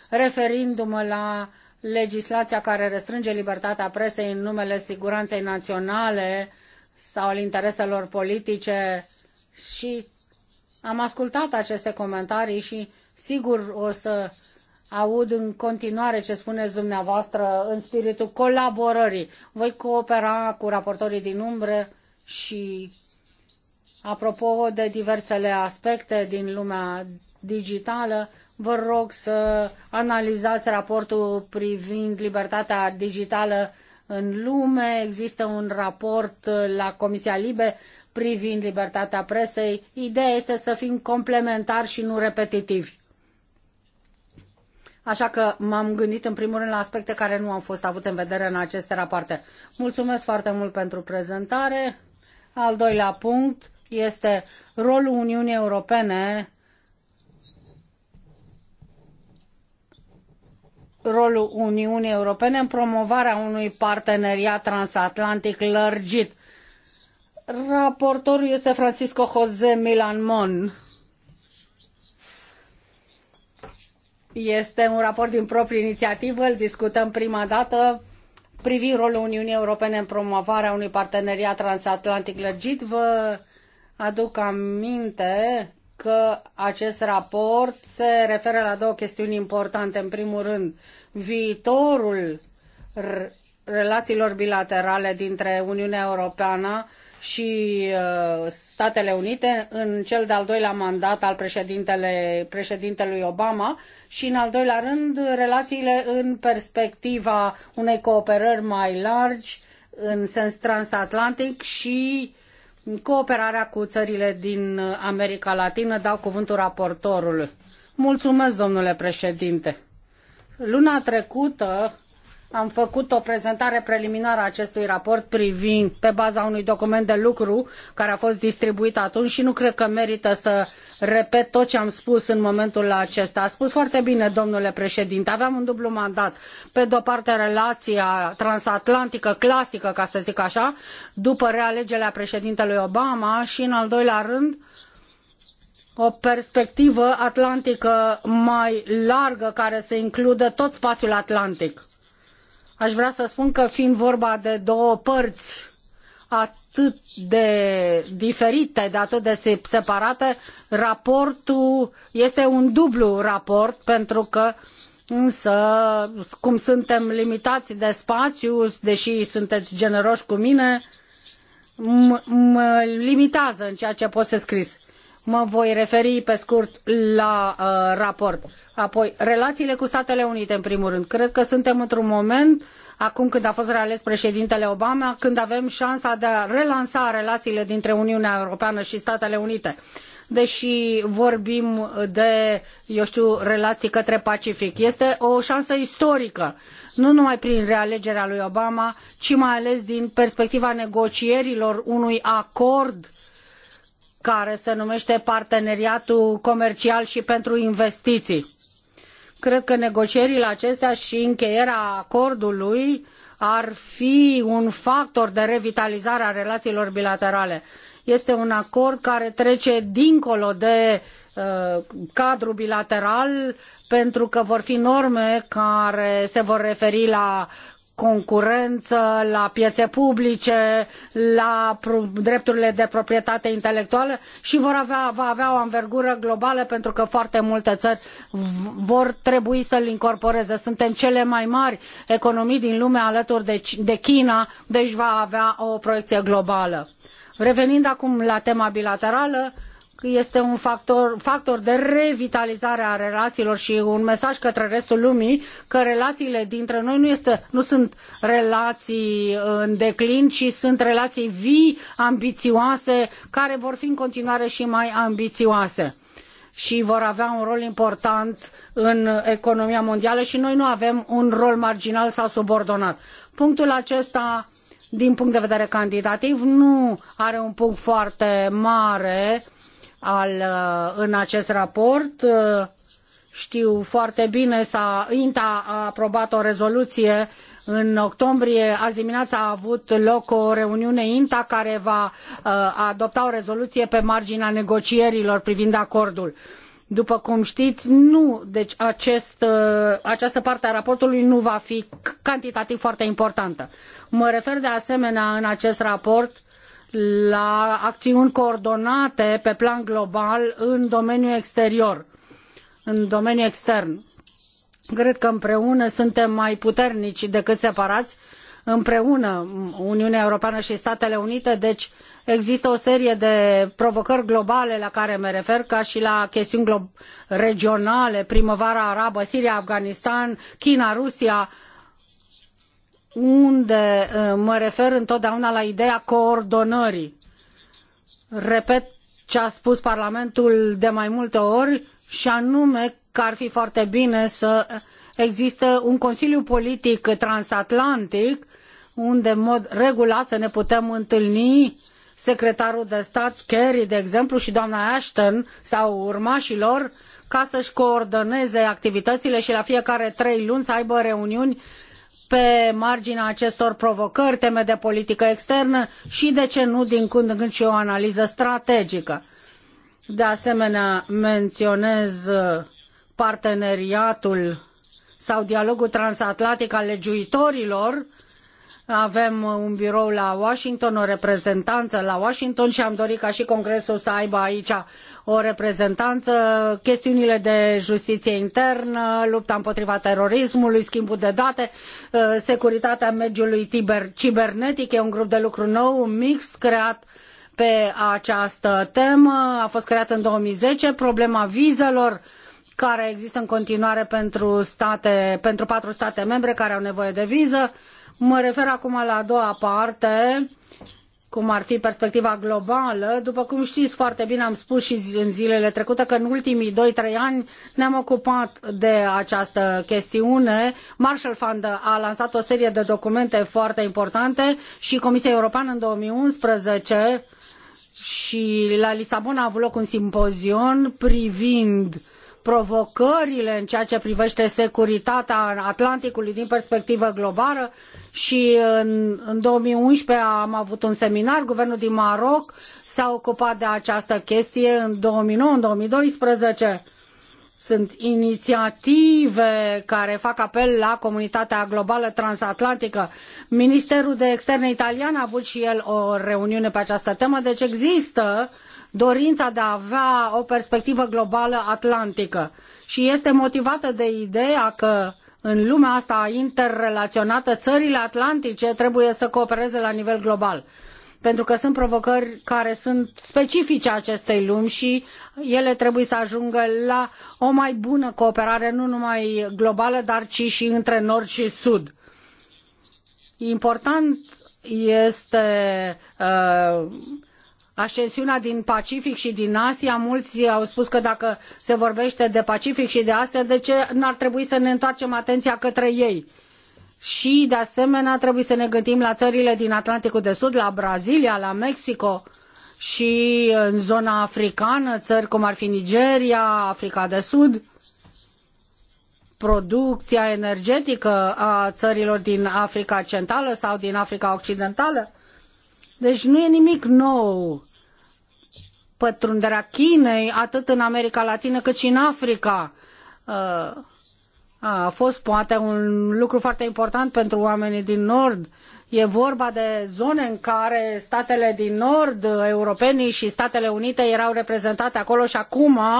referindu-mă la legislația care restrânge libertatea presei în numele siguranței naționale sau al intereselor politice și am ascultat aceste comentarii și sigur o să aud în continuare ce spuneți dumneavoastră în spiritul colaborării. Voi coopera cu raportorii din umbră și Apropo de diversele aspecte din lumea digitală, vă rog să analizați raportul privind libertatea digitală în lume. Există un raport la Comisia Libe privind libertatea presei. Ideea este să fim complementari și nu repetitivi. Așa că m-am gândit în primul rând la aspecte care nu au fost avute în vedere în aceste rapoarte. Mulțumesc foarte mult pentru prezentare. Al doilea punct, este rolul Uniunii Europene rolul Uniunii Europene în promovarea unui parteneriat transatlantic lărgit. Raportorul este Francisco José Milan Mon. Este un raport din proprie inițiativă, îl discutăm prima dată privind rolul Uniunii Europene în promovarea unui parteneriat transatlantic lărgit. Vă Aduc aminte că acest raport se referă la două chestiuni importante. În primul rând, viitorul relațiilor bilaterale dintre Uniunea Europeană și uh, Statele Unite în cel de-al doilea mandat al președintelui Obama și în al doilea rând relațiile în perspectiva unei cooperări mai largi în sens transatlantic și cooperarea cu țările din America Latină. Dau cuvântul raportorului. Mulțumesc, domnule președinte. Luna trecută am făcut o prezentare preliminară a acestui raport privind pe baza unui document de lucru care a fost distribuit atunci și nu cred că merită să repet tot ce am spus în momentul acesta. A spus foarte bine, domnule președinte, aveam un dublu mandat. Pe de-o parte, relația transatlantică clasică, ca să zic așa, după realegerea președintelui Obama și, în al doilea rând, o perspectivă atlantică mai largă care să includă tot spațiul atlantic Aș vrea să spun că fiind vorba de două părți atât de diferite, de atât de separate, raportul este un dublu raport pentru că însă cum suntem limitați de spațiu, deși sunteți generoși cu mine, mă limitează în ceea ce pot să scris. Mă voi referi pe scurt la uh, raport. Apoi, relațiile cu Statele Unite, în primul rând. Cred că suntem într-un moment, acum când a fost reales președintele Obama, când avem șansa de a relansa relațiile dintre Uniunea Europeană și Statele Unite deși vorbim de, eu știu, relații către Pacific. Este o șansă istorică, nu numai prin realegerea lui Obama, ci mai ales din perspectiva negocierilor unui acord care se numește Parteneriatul Comercial și pentru Investiții. Cred că negocierile acestea și încheierea acordului ar fi un factor de revitalizare a relațiilor bilaterale. Este un acord care trece dincolo de uh, cadrul bilateral pentru că vor fi norme care se vor referi la concurență, la piețe publice, la drepturile de proprietate intelectuală și vor avea, va avea o anvergură globală pentru că foarte multe țări vor trebui să-l incorporeze. Suntem cele mai mari economii din lume alături de, de China, deci va avea o proiecție globală. Revenind acum la tema bilaterală, este un factor, factor de revitalizare a relațiilor și un mesaj către restul lumii că relațiile dintre noi nu, este, nu sunt relații în declin, ci sunt relații vii, ambițioase, care vor fi în continuare și mai ambițioase și vor avea un rol important în economia mondială și noi nu avem un rol marginal sau subordonat. Punctul acesta din punct de vedere cantitativ nu are un punct foarte mare al, uh, în acest raport. Uh, știu foarte bine, s-a, INTA a aprobat o rezoluție în octombrie. Azi dimineața a avut loc o reuniune INTA care va uh, adopta o rezoluție pe marginea negocierilor privind acordul. După cum știți, nu, deci acest, această parte a raportului nu va fi cantitativ foarte importantă. Mă refer de asemenea în acest raport la acțiuni coordonate pe plan global în domeniul exterior, în domeniul extern. Cred că împreună suntem mai puternici decât separați, împreună Uniunea Europeană și Statele Unite, deci există o serie de provocări globale la care mă refer, ca și la chestiuni regionale, primăvara arabă, Siria, Afganistan, China, Rusia, uh, unde uh, mă refer întotdeauna la ideea coordonării. Repet ce a spus Parlamentul de mai multe ori și anume că ar fi foarte bine să existe un Consiliu politic transatlantic unde în mod regulat să ne putem întâlni secretarul de stat Kerry, de exemplu, și doamna Ashton sau urmașilor ca să-și coordoneze activitățile și la fiecare trei luni să aibă reuniuni pe marginea acestor provocări, teme de politică externă și, de ce nu, din când în când și o analiză strategică. De asemenea, menționez uh, parteneriatul sau dialogul transatlantic al legiuitorilor uh, avem uh, un birou la Washington, o reprezentanță la Washington și am dorit ca și Congresul să aibă aici o reprezentanță. Chestiunile de justiție internă, lupta împotriva terorismului, schimbul de date, uh, securitatea mediului cibernetic, e un grup de lucru nou, mixt, creat pe această temă. A fost creat în 2010 problema vizelor care există în continuare pentru, state, pentru patru state membre care au nevoie de viză Mă refer acum la a doua parte, cum ar fi perspectiva globală. După cum știți foarte bine, am spus și în zilele trecute că în ultimii doi-trei ani ne-am ocupat de această chestiune. Marshall Fund a lansat o serie de documente foarte importante și Comisia Europeană în 2011 și la Lisabona a avut loc un simpozion privind provocările în ceea ce privește securitatea Atlanticului din perspectivă globală și în, în 2011 am avut un seminar, guvernul din Maroc s-a ocupat de această chestie în 2009, în 2012. Sunt inițiative care fac apel la comunitatea globală transatlantică. Ministerul de Externe italian a avut și el o reuniune pe această temă, deci există dorința de a avea o perspectivă globală atlantică și este motivată de ideea că în lumea asta interrelaționată, țările atlantice trebuie să coopereze la nivel global pentru că sunt provocări care sunt specifice acestei lumi și ele trebuie să ajungă la o mai bună cooperare, nu numai globală, dar ci și între nord și sud. Important este uh, ascensiunea din Pacific și din Asia, mulți au spus că dacă se vorbește de Pacific și de Asia, de ce n-ar trebui să ne întoarcem atenția către ei? Și, de asemenea, trebuie să ne gândim la țările din Atlanticul de Sud, la Brazilia, la Mexico și în zona africană, țări cum ar fi Nigeria, Africa de Sud producția energetică a țărilor din Africa Centrală sau din Africa Occidentală. Deci nu e nimic nou pătrunderea Chinei, atât în America Latină cât și în Africa. Uh, a fost poate un lucru foarte important pentru oamenii din Nord. E vorba de zone în care statele din Nord, europenii și Statele Unite erau reprezentate acolo și acum uh,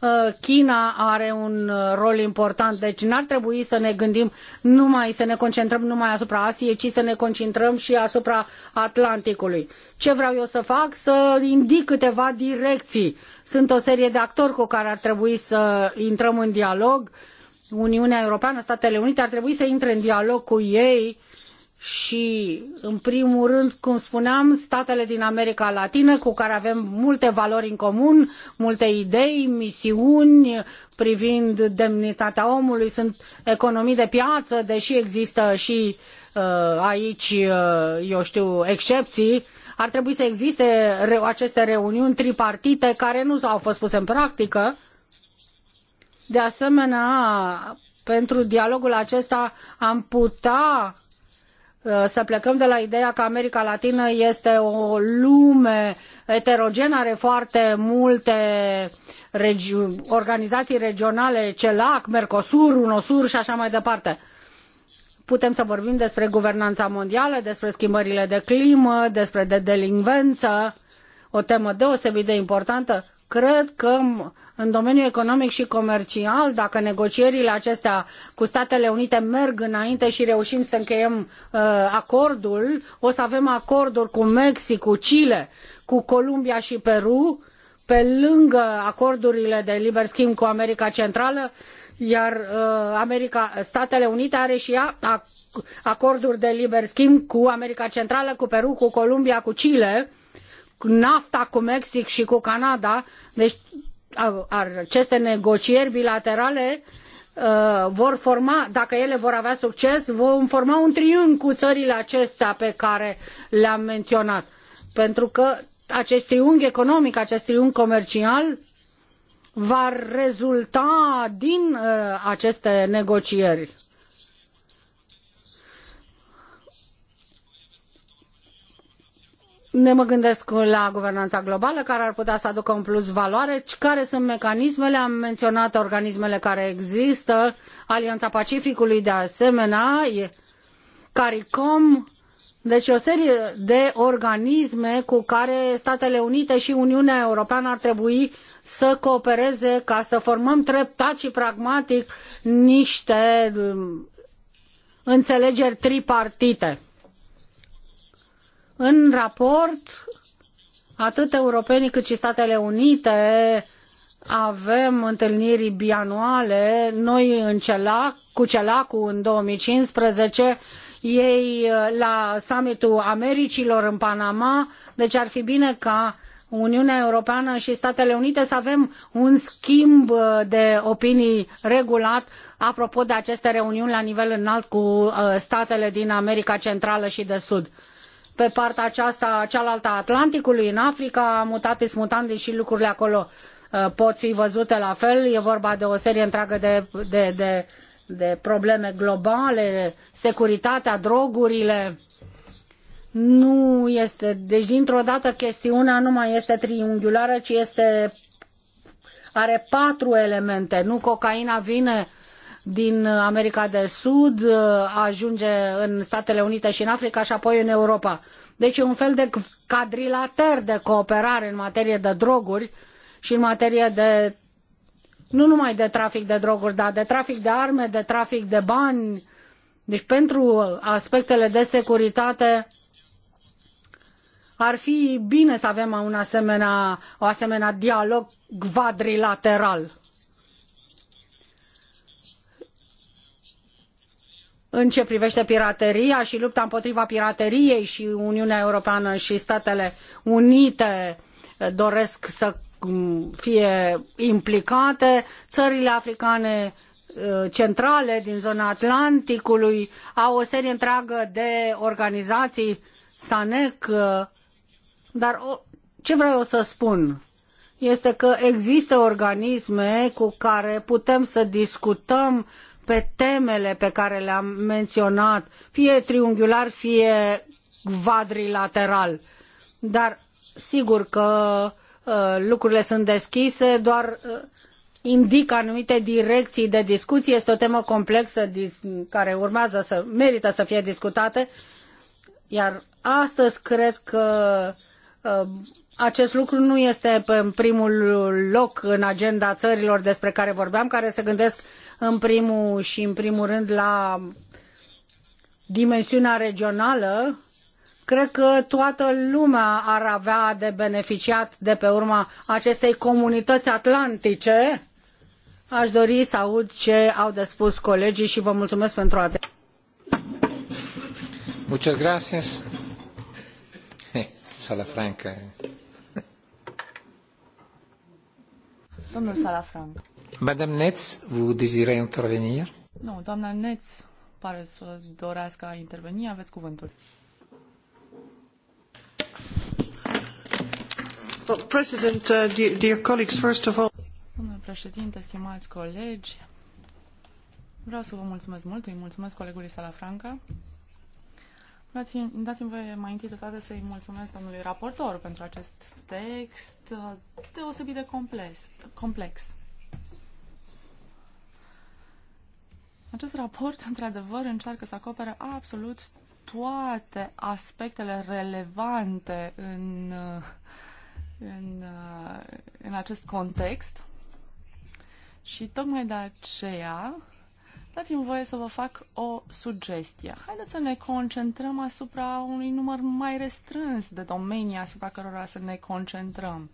Uh, China are un uh, rol important, deci n-ar trebui să ne gândim numai, să ne concentrăm numai asupra Asiei, ci să ne concentrăm și asupra Atlanticului. Ce vreau eu să fac? Să indic câteva direcții. Sunt o serie de actori cu care ar trebui să intrăm în dialog. Uniunea Europeană, Statele Unite ar trebui să intre în dialog cu ei și, în primul rând, cum spuneam, statele din America Latină, cu care avem multe valori în comun, multe idei, misiuni privind demnitatea omului, sunt economii de piață, deși există și uh, aici, uh, eu știu, excepții, ar trebui să existe aceste reuniuni tripartite care nu au fost puse în practică. De asemenea, pentru dialogul acesta am putea Uh, să plecăm de la ideea că America Latină este o lume heterogenă, are foarte multe regi- organizații regionale, CELAC, Mercosur, UNOSUR și așa mai departe. Putem să vorbim despre guvernanța mondială, despre schimbările de climă, despre de delinvență, o temă deosebit de importantă. Cred că în domeniul economic și comercial, dacă negocierile acestea cu Statele Unite merg înainte și reușim să încheiem uh, acordul, o să avem acorduri cu Mexic, cu Chile, cu Columbia și Peru, pe lângă acordurile de liber schimb cu America Centrală, iar uh, America, Statele Unite are și ea acorduri de liber schimb cu America Centrală, cu Peru, cu Columbia, cu Chile, cu NAFTA, cu Mexic și cu Canada. Deci aceste negocieri bilaterale uh, vor forma, dacă ele vor avea succes, vom forma un triunghi cu țările acestea pe care le-am menționat. Pentru că acest triunghi economic, acest triunghi comercial va rezulta din uh, aceste negocieri ne mă gândesc la guvernanța globală care ar putea să aducă un plus valoare, care sunt mecanismele, am menționat organismele care există, Alianța Pacificului de asemenea, CARICOM, deci o serie de organisme cu care Statele Unite și Uniunea Europeană ar trebui să coopereze ca să formăm treptat și pragmatic niște um, înțelegeri tripartite în raport, atât europenii cât și Statele Unite avem întâlniri bianuale, noi în CELAC, cu CELAC-ul în 2015, ei uh, la summitul Americilor în Panama, deci ar fi bine ca Uniunea Europeană și Statele Unite să avem un schimb uh, de opinii regulat apropo de aceste reuniuni la nivel înalt cu uh, statele din America Centrală și de Sud pe partea aceasta, cealaltă a Atlanticului, în Africa, mutatis mutandis și lucrurile acolo uh, pot fi văzute la fel. E vorba de o serie întreagă de, de, de, de probleme globale, securitatea, drogurile. Nu este, deci dintr-o dată chestiunea nu mai este triunghiulară, ci este, are patru elemente. Nu cocaina vine din America de Sud uh, ajunge în Statele Unite și în Africa și apoi în Europa. Deci e un fel de cadrilater de cooperare în materie de droguri și în materie de nu numai de trafic de droguri, dar de trafic de arme, de trafic de bani. Deci pentru aspectele de securitate ar fi bine să avem un asemenea, o asemenea dialog quadrilateral. în ce privește pirateria și lupta împotriva pirateriei și Uniunea Europeană și Statele Unite doresc să mm, fie implicate, țările africane eh, centrale din zona Atlanticului au o serie întreagă de organizații, SANEC, eh, dar ce vreau eu să spun este că există organisme cu care putem să discutăm pe temele pe care le-am menționat, fie triunghiular, fie quadrilateral. Dar sigur că uh, lucrurile sunt deschise, doar uh, anumite direcții de discuție. Este o temă complexă care urmează să merită să fie discutată. Iar astăzi cred că uh, acest lucru nu este în primul loc în agenda țărilor despre care vorbeam, care se gândesc în primul și în primul rând la dimensiunea regională. Cred că toată lumea ar avea de beneficiat de pe urma acestei comunități atlantice. Aș dori să aud ce au de spus colegii și vă mulțumesc pentru atenție. Muchas gracias. Eh, Franca. Eh. Domnul Salafranc. Madame Netz, vous désirez intervenir? Nu, doamna Netz pare să dorească a interveni. Aveți cuvântul. Well, President, uh, dear, dear colleagues, first of all... Domnule președinte, stimați colegi, vreau să vă mulțumesc mult, îi mulțumesc colegului Salafranca Dați-mi, dați-mi voie mai întâi de toate să-i mulțumesc domnului raportor pentru acest text uh, deosebit de complex. complex. Acest raport, (laughs) într-adevăr, încearcă să acopere absolut toate aspectele relevante în, uh, în, uh, în acest context și tocmai de aceea dați-mi voie să vă fac o sugestie. Haideți să ne concentrăm asupra unui număr mai restrâns de domenii asupra cărora să ne concentrăm.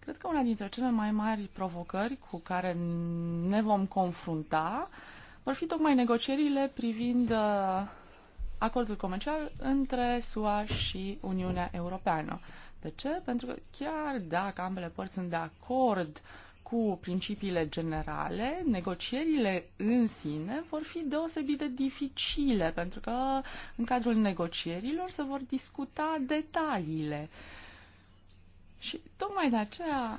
Cred că una dintre cele mai mari provocări cu care ne vom confrunta vor fi tocmai negocierile privind uh, acordul comercial între SUA și Uniunea Europeană. De ce? Pentru că chiar dacă ambele părți sunt de acord cu principiile generale, negocierile în sine vor fi deosebit de dificile, pentru că în cadrul negocierilor se vor discuta detaliile. Și tocmai de aceea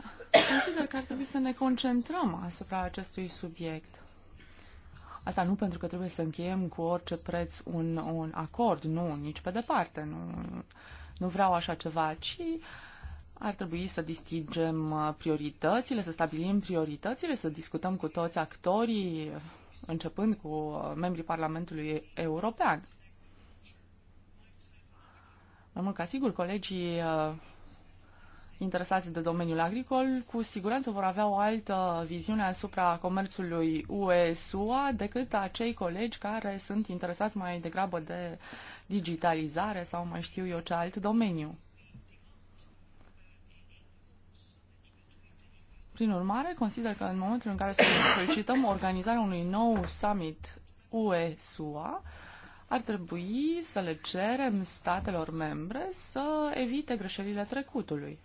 consider că ar trebui să ne concentrăm asupra acestui subiect. Asta nu pentru că trebuie să încheiem cu orice preț un, un acord, nu, nici pe departe, nu, nu vreau așa ceva, ci uh, ar trebui să distingem uh, prioritățile, să stabilim prioritățile, să discutăm cu toți actorii, începând cu uh, membrii Parlamentului European. Mai mult ca sigur, colegii uh, interesați de domeniul agricol, cu siguranță vor avea o altă viziune asupra comerțului UE-SUA decât acei colegi care sunt interesați mai degrabă de digitalizare sau mai știu eu ce alt domeniu. Prin urmare, consider că în momentul în care solicităm organizarea unui nou summit UE-SUA, ar trebui să le cerem statelor membre să evite greșelile trecutului.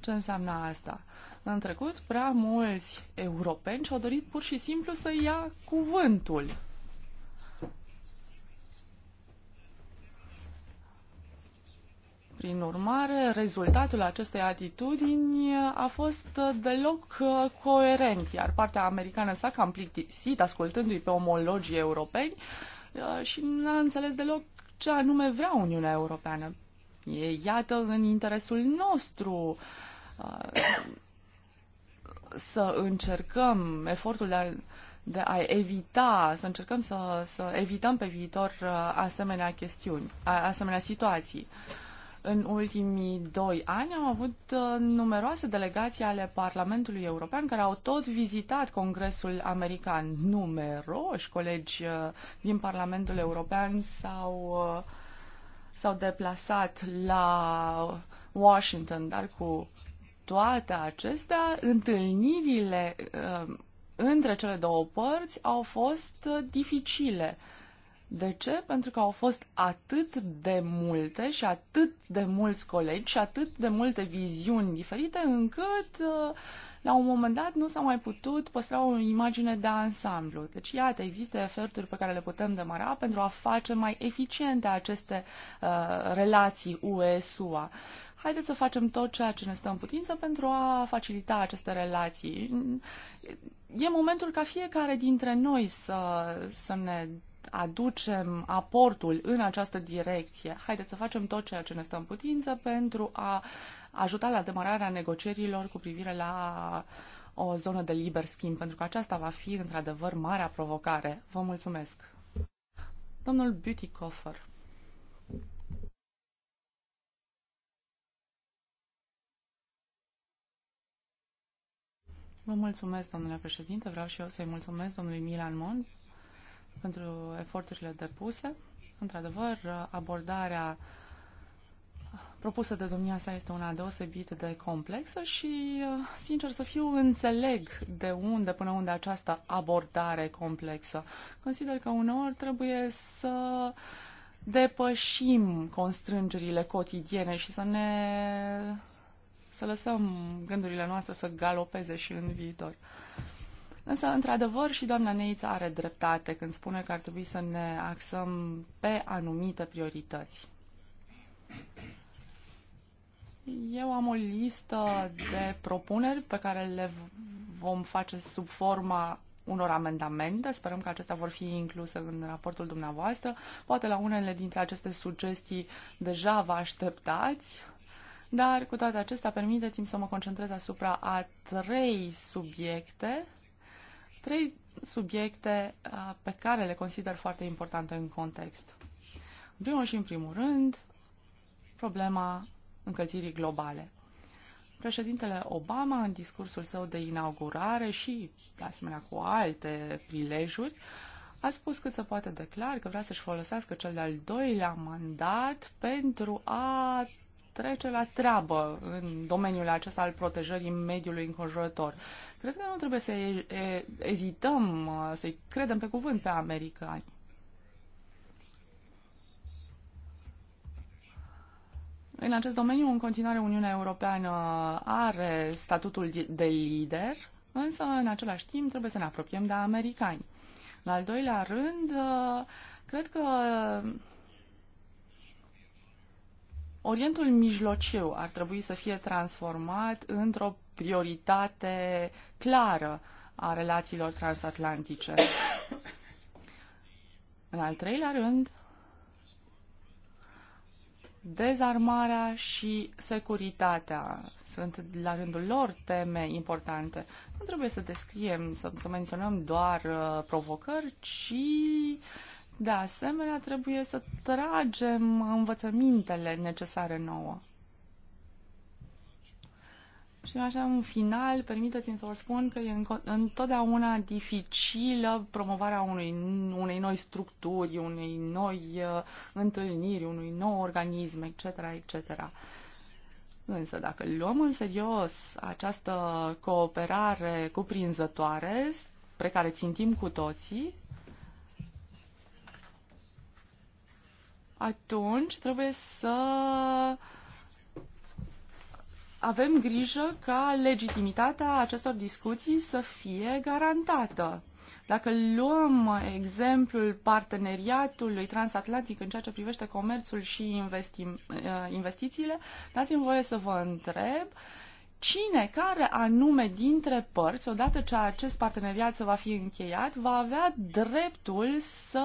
Ce înseamnă asta? În trecut, prea mulți europeni și-au dorit pur și simplu să ia cuvântul Prin urmare, rezultatul acestei atitudini a fost deloc uh, coerent, iar partea americană s-a cam plictisit ascultându-i pe omologii europeni uh, și n-a înțeles deloc ce anume vrea Uniunea Europeană. E, iată, în interesul nostru uh, să încercăm efortul de a, de a evita, să încercăm să, să evităm pe viitor asemenea chestiuni, asemenea situații. În ultimii doi ani am avut uh, numeroase delegații ale Parlamentului European care au tot vizitat Congresul American. Numeroși colegi uh, din Parlamentul European s-au, uh, s-au deplasat la Washington, dar cu toate acestea, întâlnirile între cele două părți au fost dificile. De ce? Pentru că au fost atât de multe și atât de mulți colegi și atât de multe viziuni diferite încât uh, la un moment dat nu s-a mai putut păstra o imagine de ansamblu. Deci, iată, există eforturi pe care le putem demara pentru a face mai eficiente aceste uh, relații UE-SUA haideți să facem tot ceea ce ne stă în putință pentru a facilita aceste relații. E momentul ca fiecare dintre noi să, să ne aducem aportul în această direcție. Haideți să facem tot ceea ce ne stă în putință pentru a ajuta la demararea negocierilor cu privire la o zonă de liber schimb, pentru că aceasta va fi, într-adevăr, marea provocare. Vă mulțumesc! Domnul Coffer. Vă mulțumesc, domnule președinte. Vreau și eu să-i mulțumesc domnului Milan Mon pentru eforturile depuse. Într-adevăr, abordarea propusă de domnia sa este una deosebit de complexă și, sincer să fiu, înțeleg de unde până unde această abordare complexă. Consider că uneori trebuie să depășim constrângerile cotidiene și să ne să lăsăm gândurile noastre să galopeze și în viitor. Însă, într-adevăr, și doamna Neița are dreptate când spune că ar trebui să ne axăm pe anumite priorități. Eu am o listă de propuneri pe care le vom face sub forma unor amendamente. Sperăm că acestea vor fi incluse în raportul dumneavoastră. Poate la unele dintre aceste sugestii deja vă așteptați, dar cu toate acestea permiteți-mi să mă concentrez asupra a trei subiecte Trei subiecte uh, pe care le consider foarte importante în context. În primul și în primul rând, problema încălzirii globale. Președintele Obama, în discursul său de inaugurare și, de asemenea, cu alte prilejuri, a spus cât se poate declar că vrea să-și folosească cel de-al doilea mandat pentru a trece la treabă în domeniul acesta al protejării mediului înconjurător. Cred că nu trebuie să ezităm, să-i credem pe cuvânt pe americani. În acest domeniu, în continuare, Uniunea Europeană are statutul de lider, însă, în același timp, trebuie să ne apropiem de americani. În al doilea rând, cred că Orientul mijlociu ar trebui să fie transformat într-o prioritate clară a relațiilor transatlantice. În al treilea rând, dezarmarea și securitatea sunt la rândul lor teme importante. Nu trebuie să descriem, să, să menționăm doar uh, provocări, ci uh, de asemenea, trebuie să tragem învățămintele necesare nouă. Și așa, în final, permiteți-mi să vă spun că e întotdeauna dificilă promovarea unui, unei noi structuri, unei noi uh, întâlniri, unui nou organism, etc., etc. Însă, dacă luăm în serios această cooperare cuprinzătoare, pe care țintim cu toții, atunci trebuie să avem grijă ca legitimitatea acestor discuții să fie garantată. Dacă luăm exemplul parteneriatului transatlantic în ceea ce privește comerțul și investi- eh, investițiile, dați-mi voie să vă întreb cine, care anume dintre părți, odată ce acest parteneriat se va fi încheiat, va avea dreptul să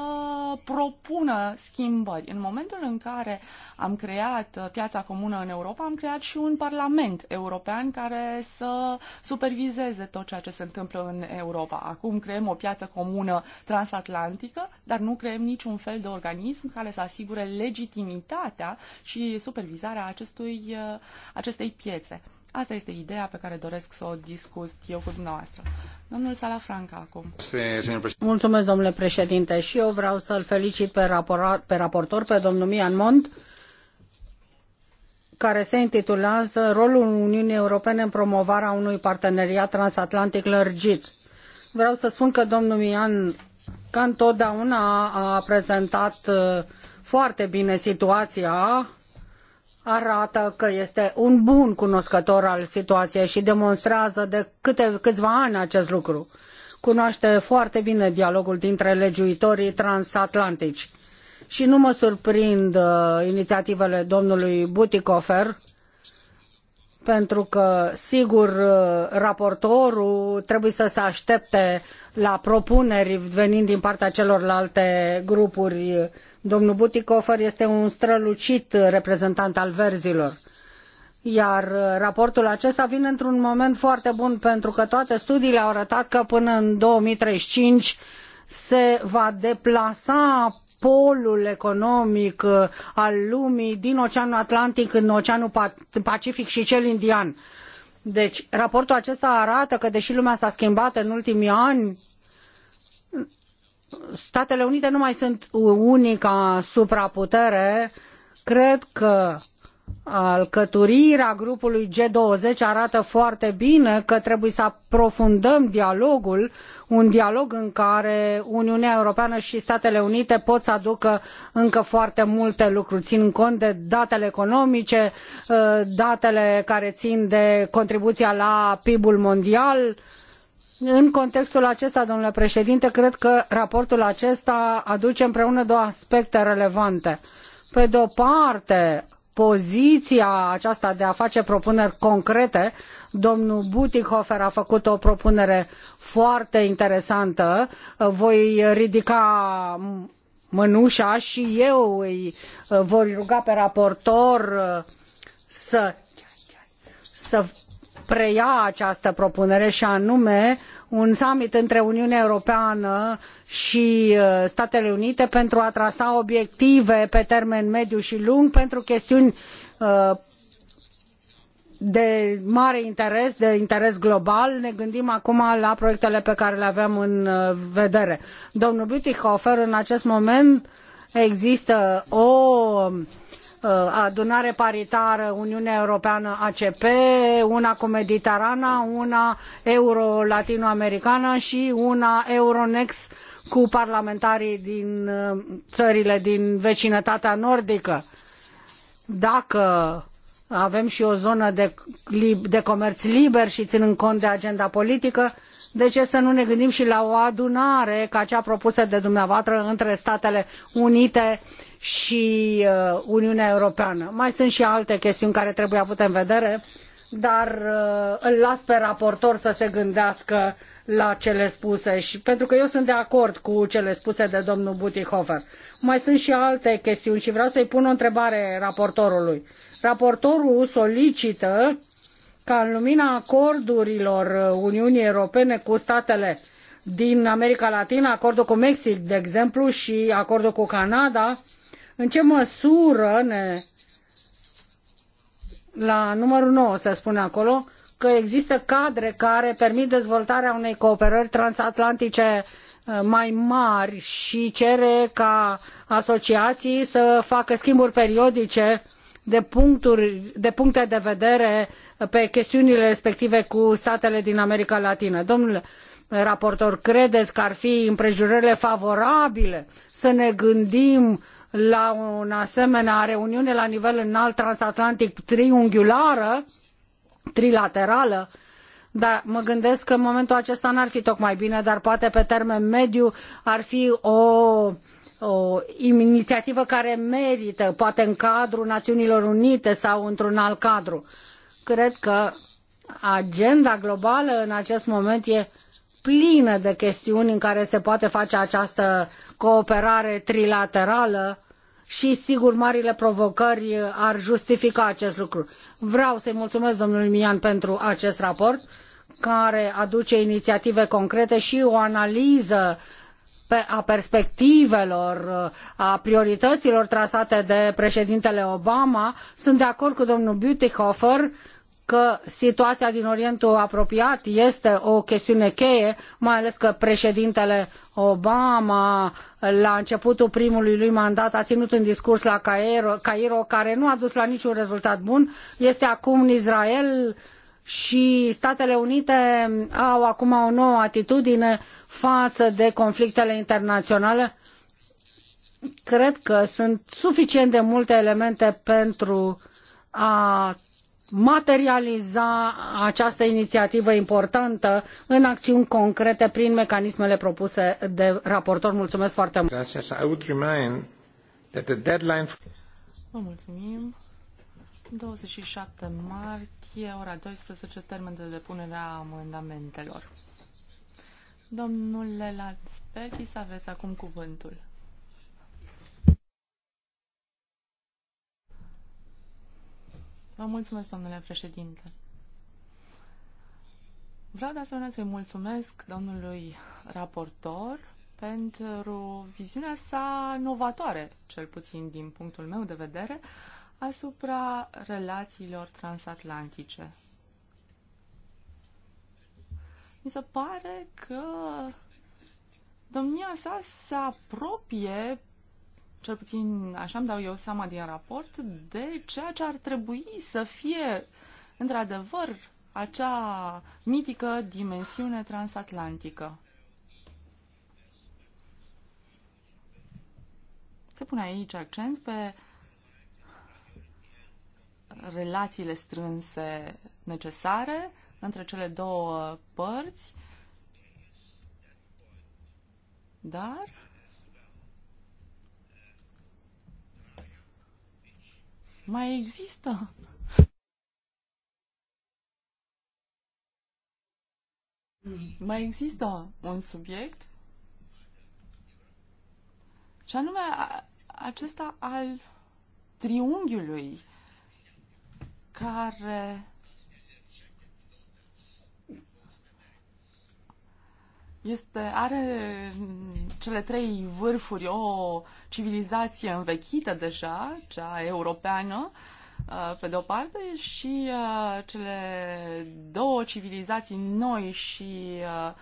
propună schimbări. În momentul în care am creat uh, piața comună în Europa, am creat și un parlament european care să supervizeze tot ceea ce se întâmplă în Europa. Acum creăm o piață comună transatlantică, dar nu creăm niciun fel de organism care să asigure legitimitatea și supervizarea acestui, uh, acestei piețe. Asta este ideea pe care doresc să o discut eu cu dumneavoastră. Domnul Salafranca acum. Mulțumesc, domnule președinte, și eu vreau să-l felicit pe, pe raportor, pe domnul Mian Mont, care se intitulează Rolul Uniunii Europene în promovarea unui parteneriat transatlantic lărgit. Vreau să spun că domnul Mian, ca întotdeauna, a prezentat uh, foarte bine situația arată că este un bun cunoscător al situației și demonstrează de câte, câțiva ani acest lucru. Cunoaște foarte bine dialogul dintre legiuitorii transatlantici. Și nu mă surprind uh, inițiativele domnului Butikofer, pentru că, sigur, uh, raportorul trebuie să se aștepte la propuneri venind din partea celorlalte grupuri uh, Domnul Butikofer este un strălucit reprezentant al verzilor. Iar uh, raportul acesta vine într-un moment foarte bun pentru că toate studiile au arătat că până în 2035 se va deplasa polul economic uh, al lumii din Oceanul Atlantic în Oceanul Pacific și cel Indian. Deci, raportul acesta arată că, deși lumea s-a schimbat în ultimii ani, Statele Unite nu mai sunt unica supraputere. Cred că alcătuirea grupului G20 arată foarte bine că trebuie să aprofundăm dialogul, un dialog în care Uniunea Europeană și Statele Unite pot să aducă încă foarte multe lucruri, Ținând cont de datele economice, ă, datele care țin de contribuția la PIB-ul mondial, în contextul acesta, domnule președinte, cred că raportul acesta aduce împreună două aspecte relevante. Pe de o parte, poziția aceasta de a face propuneri concrete. Domnul Butikofer a făcut o propunere foarte interesantă. Voi ridica mânușa și eu îi voi ruga pe raportor să să preia această propunere și anume un summit între Uniunea Europeană și uh, Statele Unite pentru a trasa obiective pe termen mediu și lung pentru chestiuni uh, de mare interes, de interes global. Ne gândim acum la proiectele pe care le avem în uh, vedere. Domnul Bütikofer, în acest moment există o Uh, adunare paritară Uniunea Europeană-ACP, una cu Mediterana, una euro-latinoamericană și una Euronex cu parlamentarii din uh, țările din vecinătatea nordică. Dacă avem și o zonă de, de comerț liber și ținând cont de agenda politică, de ce să nu ne gândim și la o adunare ca cea propusă de dumneavoastră între Statele Unite și uh, Uniunea Europeană? Mai sunt și alte chestiuni care trebuie avute în vedere, dar uh, îl las pe raportor să se gândească la cele spuse și pentru că eu sunt de acord cu cele spuse de domnul Butihofer. Mai sunt și alte chestiuni și vreau să-i pun o întrebare raportorului. Raportorul solicită ca în lumina acordurilor Uniunii Europene cu statele din America Latină, acordul cu Mexic, de exemplu, și acordul cu Canada, în ce măsură ne la numărul 9, să spune acolo, că există cadre care permit dezvoltarea unei cooperări transatlantice uh, mai mari și cere ca asociații să facă schimburi periodice de, puncturi, de puncte de vedere pe chestiunile respective cu statele din America Latină. Domnule raportor, credeți că ar fi împrejurările favorabile să ne gândim la o asemenea reuniune la nivel înalt transatlantic triunghiulară trilaterală, dar mă gândesc că în momentul acesta n-ar fi tocmai bine, dar poate pe termen mediu ar fi o, o inițiativă care merită, poate în cadrul Națiunilor Unite sau într-un alt cadru. Cred că agenda globală în acest moment e plină de chestiuni în care se poate face această cooperare trilaterală și sigur marile provocări uh, ar justifica acest lucru. Vreau să-i mulțumesc domnului Mian pentru acest raport care aduce inițiative concrete și o analiză a perspectivelor, uh, a priorităților trasate de președintele Obama. Sunt de acord cu domnul Butikofer că situația din Orientul apropiat este o chestiune cheie, mai ales că președintele Obama la începutul primului lui mandat a ținut un discurs la Cairo, Cairo care nu a dus la niciun rezultat bun. Este acum în Israel și Statele Unite au acum o nouă atitudine față de conflictele internaționale. Cred că sunt suficient de multe elemente pentru a materializa această inițiativă importantă în acțiuni concrete prin mecanismele propuse de raportor. Mulțumesc foarte mult! Vă mulțumim! 27 martie, ora 12, termen de depunere a amendamentelor. Domnule Landsbergis, aveți acum cuvântul. Vă mulțumesc, domnule președinte. Vreau de asemenea să-i mulțumesc domnului raportor pentru viziunea sa novatoare, cel puțin din punctul meu de vedere, asupra relațiilor transatlantice. Mi se pare că domnia sa se apropie cel puțin așa îmi dau eu seama din raport, de ceea ce ar trebui să fie, într-adevăr, acea mitică dimensiune transatlantică. Se pune aici accent pe relațiile strânse necesare între cele două părți, dar mai există. Mai există un subiect și anume acesta al triunghiului care este, are mm, cele trei vârfuri o civilizație învechită deja, cea europeană, uh, pe de-o parte, și uh, cele două civilizații noi și uh,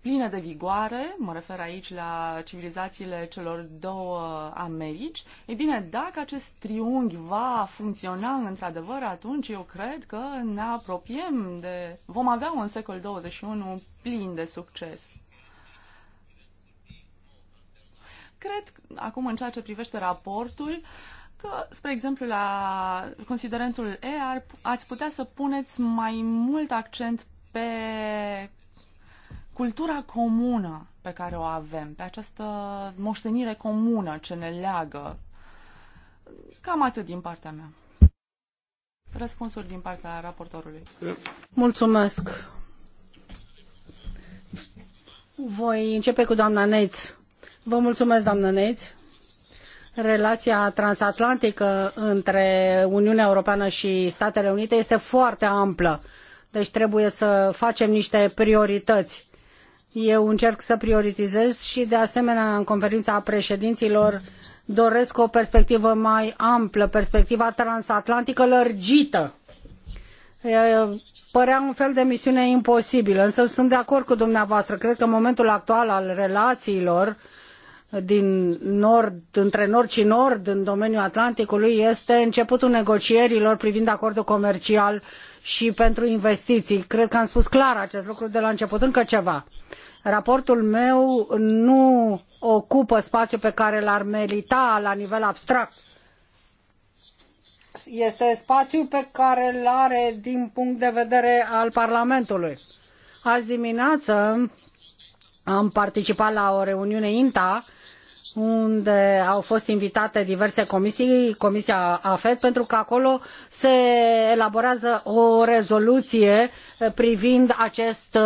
pline de vigoare, mă refer aici la civilizațiile celor două Americi, e bine, dacă acest triunghi va funcționa într-adevăr, atunci eu cred că ne apropiem de... vom avea un secol 21 plin de succes. Cred, acum în ceea ce privește raportul, că, spre exemplu, la considerentul E ar, ați putea să puneți mai mult accent pe cultura comună pe care o avem, pe această moștenire comună ce ne leagă. Cam atât din partea mea. Răspunsuri din partea raportorului. Mulțumesc. Voi începe cu doamna Neitz. Vă mulțumesc, Neitz. Relația transatlantică între Uniunea Europeană și Statele Unite este foarte amplă, deci trebuie să facem niște priorități. Eu încerc să prioritizez și, de asemenea, în conferința preedinilor doresc o perspectivă mai amplă, perspectiva transatlantică lărgită. Părea un fel de misiune imposibilă, însă sunt de acord cu dumneavoastră. Cred că în momentul actual al relațiilor din nord, între nord și nord în domeniul Atlanticului este începutul negocierilor privind acordul comercial și pentru investiții. Cred că am spus clar acest lucru de la început. Încă ceva. Raportul meu nu ocupă spațiul pe care l-ar merita la nivel abstract. Este spațiul pe care îl are din punct de vedere al Parlamentului. Azi dimineață am participat la o reuniune INTA unde au fost invitate diverse comisii, Comisia AFET, pentru că acolo se elaborează o rezoluție privind acest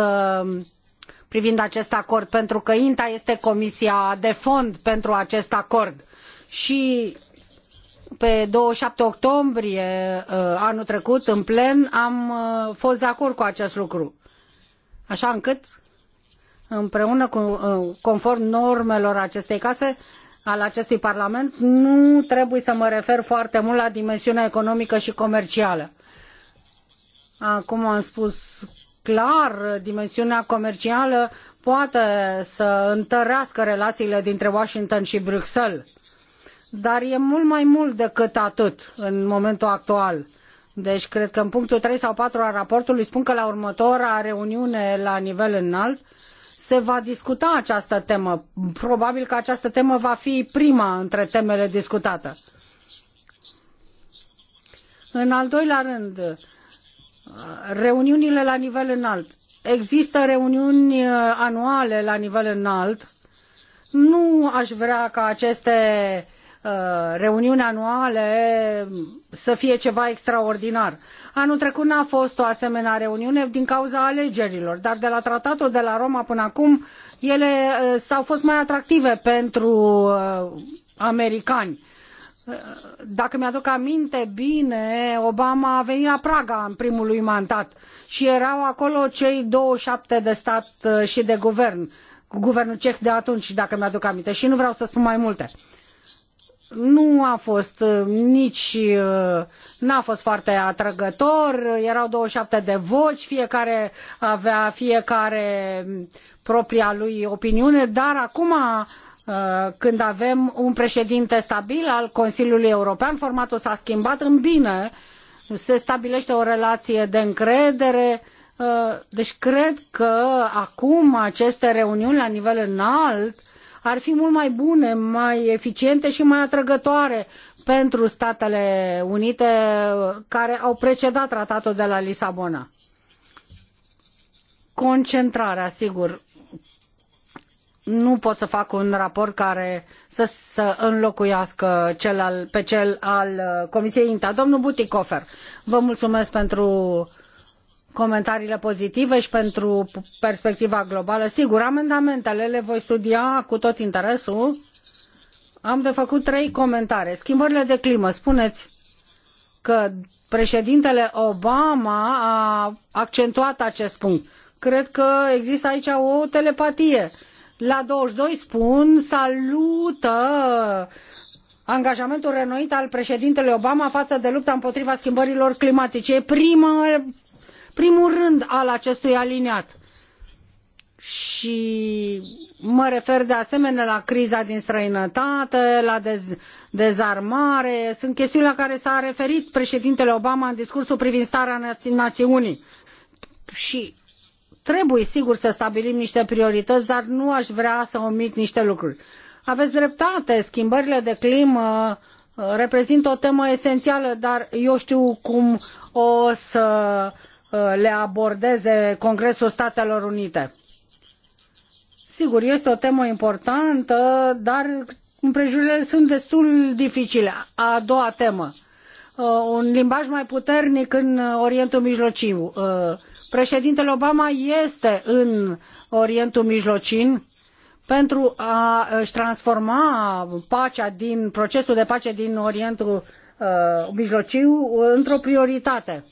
privind acest acord, pentru că INTA este comisia de fond pentru acest acord. Și pe 27 octombrie uh, anul trecut, în plen, am uh, fost de acord cu acest lucru. Așa încât împreună cu, uh, conform normelor acestei case, al acestui Parlament, nu trebuie să mă refer foarte mult la dimensiunea economică și comercială. Acum am spus clar, dimensiunea comercială poate să întărească relațiile dintre Washington și Bruxelles, dar e mult mai mult decât atât în momentul actual. Deci cred că în punctul trei sau patru al raportului spun că la următoarea reuniune la nivel înalt se va discuta această temă. Probabil că această temă va fi prima între temele discutate. În al doilea rând, reuniunile la nivel înalt. Există reuniuni uh, anuale la nivel înalt. Nu aș vrea ca aceste Uh, reuniuni anuale să fie ceva extraordinar. Anul trecut n-a fost o asemenea reuniune din cauza alegerilor, dar de la tratatul de la Roma până acum ele uh, s-au fost mai atractive pentru uh, americani. Dacă mi-aduc aminte bine, Obama a venit la Praga în primul lui mandat și erau acolo cei 27 de stat și de guvern, guvernul ceh de atunci, dacă mi-aduc aminte, și nu vreau să spun mai multe. Uh, nu a fost uh, nici, uh, n-a fost foarte atrăgător, erau 27 de voci, fiecare avea fiecare propria lui opiniune, dar acum uh, când avem un președinte stabil al Consiliului European, formatul s-a schimbat în bine, se stabilește o relație de încredere, deci cred că acum aceste reuniuni la nivel înalt ar fi mult mai bune, mai eficiente și mai atrăgătoare pentru Statele Unite care au precedat tratatul de la Lisabona. Concentrarea, sigur. Nu pot să fac un raport care să, să înlocuiască cel al, pe cel al uh, Comisiei INTA. Domnul Butikofer, vă mulțumesc pentru uh, comentariile pozitive și pentru perspectiva globală. Sigur, amendamentele le voi studia cu tot interesul. Am de făcut trei comentarii. Schimbările de climă. Spuneți că președintele Obama a accentuat acest punct. Cred că există aici o telepatie. La 22 spun salută angajamentul renoit al președintelui Obama față de lupta împotriva schimbărilor climatice. E prima primul rând al acestui aliniat. Și mă refer de asemenea la criza din străinătate, la dez, dezarmare. Sunt chestiuni la care s-a referit președintele Obama în discursul privind starea națiunii. Și trebuie, sigur, să stabilim niște priorități, dar nu aș vrea să omit niște lucruri. Aveți dreptate, schimbările de climă uh, reprezintă o temă esențială, dar eu știu cum o să Uh, le abordeze Congresul Statelor Unite. Sigur, este o temă importantă, dar împrejurările sunt destul dificile. A doua temă, uh, un limbaj mai puternic în Orientul Mijlociu. Uh, președintele Obama este în Orientul Mijlociu pentru a își transforma pacea din procesul de pace din Orientul Mijlociu într-o prioritate.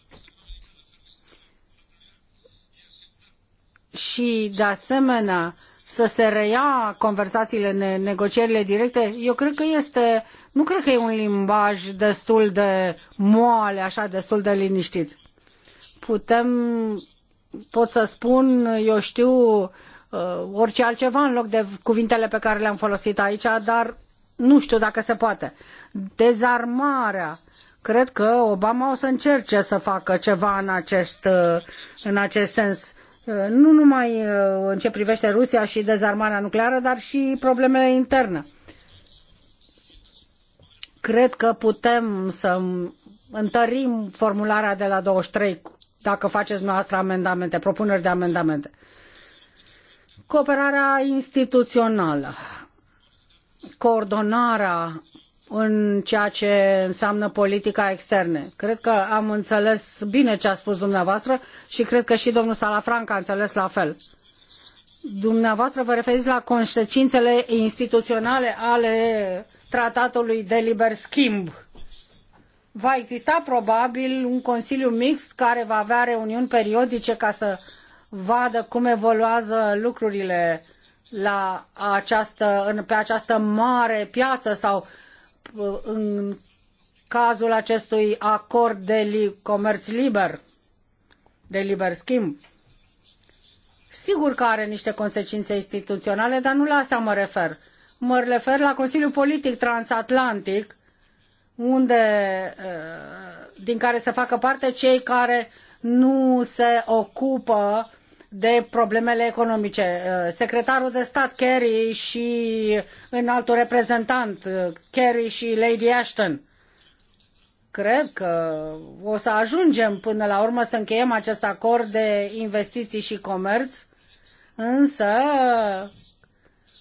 și, de asemenea, să se reia conversațiile, negocierile directe, eu cred că este, nu cred că e un limbaj destul de moale, așa, destul de liniștit. Putem, pot să spun, eu știu, uh, orice altceva în loc de cuvintele pe care le-am folosit aici, dar nu știu dacă se poate. Dezarmarea. Cred că Obama o să încerce să facă ceva în acest, uh, în acest sens Uh, nu numai uh, în ce privește Rusia și dezarmarea nucleară, dar și problemele interne. Cred că putem să întărim formularea de la 23 dacă faceți noastră amendamente, propuneri de amendamente. Cooperarea instituțională, coordonarea în ceea ce înseamnă politica externă. Cred că am înțeles bine ce a spus dumneavoastră și cred că și domnul Salafranca a înțeles la fel. Dumneavoastră vă referiți la consecințele instituționale ale tratatului de liber schimb. Va exista probabil un consiliu mixt care va avea reuniuni periodice ca să vadă cum evoluează lucrurile la această, pe această mare piață sau în cazul acestui acord de comerț liber, de liber schimb. Sigur că are niște consecințe instituționale, dar nu la asta mă refer. Mă refer la Consiliul Politic Transatlantic, unde, din care se facă parte cei care nu se ocupă de problemele economice. Uh, secretarul de stat Kerry și înaltul reprezentant uh, Kerry și Lady Ashton. Cred că o să ajungem până la urmă să încheiem acest acord de investiții și comerț, însă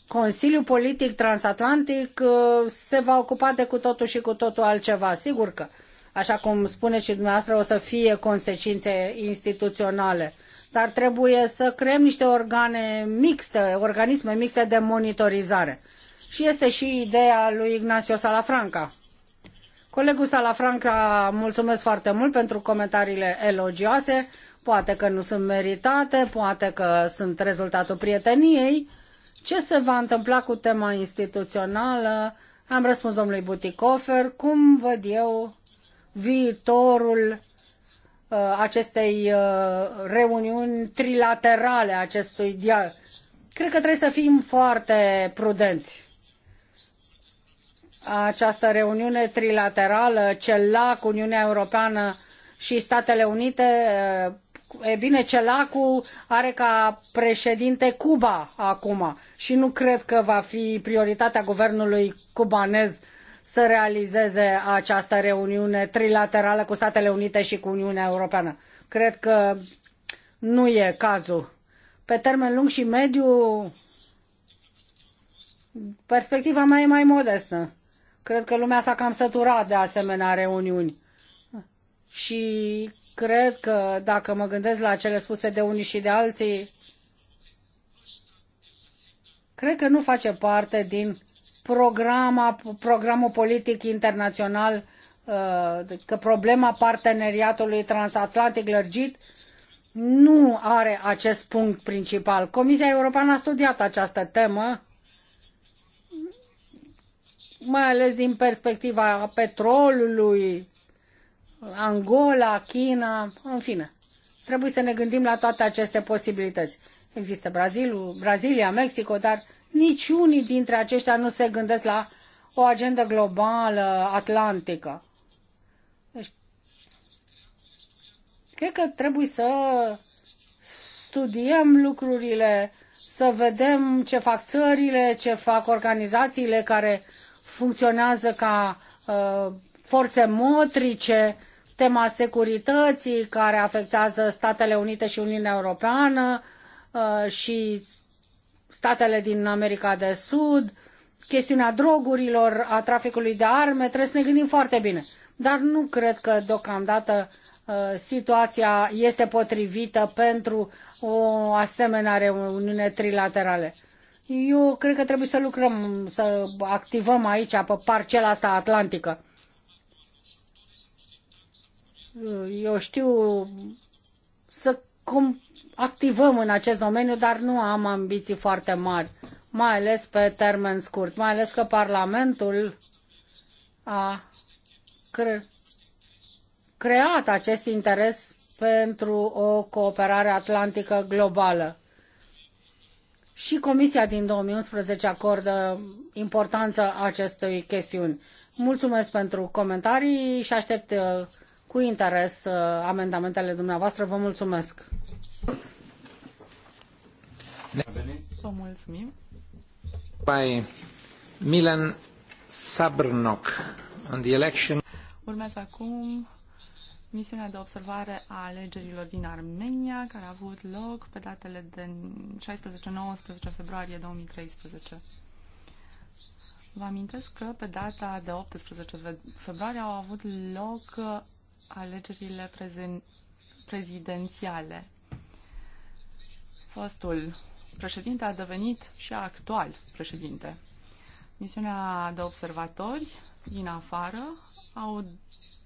Consiliul Politic Transatlantic uh, se va ocupa de cu totul și cu totul altceva. Sigur că, așa cum spuneți și dumneavoastră, o să fie consecințe instituționale dar trebuie să creăm niște organe mixte, organisme mixte de monitorizare. Și este și ideea lui Ignacio Salafranca. Colegul Salafranca, mulțumesc foarte mult pentru comentariile elogioase, poate că nu sunt meritate, poate că sunt rezultatul prieteniei. Ce se va întâmpla cu tema instituțională? Am răspuns domnului Buticofer, cum văd eu viitorul Uh, acestei uh, reuniuni trilaterale, acestui dialog. Cred că trebuie să fim foarte prudenți. Această reuniune trilaterală, CELAC, Uniunea Europeană și Statele Unite, uh, e bine, celac are ca președinte Cuba acum și nu cred că va fi prioritatea guvernului cubanez să realizeze această reuniune trilaterală cu Statele Unite și cu Uniunea Europeană. Cred că nu e cazul. Pe termen lung și mediu, perspectiva mea e mai modestă. Cred că lumea s-a cam săturat de asemenea reuniuni. Și cred că dacă mă gândesc la cele spuse de unii și de alții, cred că nu face parte din programa, programul politic internațional, uh, deci că problema parteneriatului transatlantic lărgit nu are acest punct principal. Comisia Europeană a studiat această temă, mai ales din perspectiva petrolului, Angola, China, în fine. Trebuie să ne gândim la toate aceste posibilități. Există Brazilul, Brazilia, Mexico, dar niciunii dintre aceștia nu se gândesc la o agendă globală, atlantică. Deci, cred că trebuie să studiem lucrurile, să vedem ce fac țările, ce fac organizațiile care funcționează ca uh, forțe motrice, tema securității care afectează Statele Unite și Uniunea Europeană, uh, Uh, și statele din America de Sud, chestiunea drogurilor, a traficului de arme, trebuie să ne gândim foarte bine. Dar nu cred că deocamdată uh, situația este potrivită pentru o asemenea reuniune trilaterale. Eu cred că trebuie să lucrăm, să activăm aici, pe parcela asta atlantică. Eu știu să, activăm în acest domeniu, dar nu am ambiții foarte mari, mai ales pe termen scurt, mai ales că Parlamentul a cre- creat acest interes pentru o cooperare atlantică globală. Și Comisia din 2011 acordă importanță acestei chestiuni. Mulțumesc pentru comentarii și aștept uh, cu interes uh, amendamentele dumneavoastră. Vă mulțumesc! By Milan Sabrnok on the election. Urmează acum misiunea de observare a alegerilor din Armenia, care a avut loc pe datele de 16-19 februarie 2013. Vă amintesc că pe data de 18 februarie au avut loc alegerile prezidențiale Fostul președinte a devenit și actual președinte. Misiunea de observatori din afară au,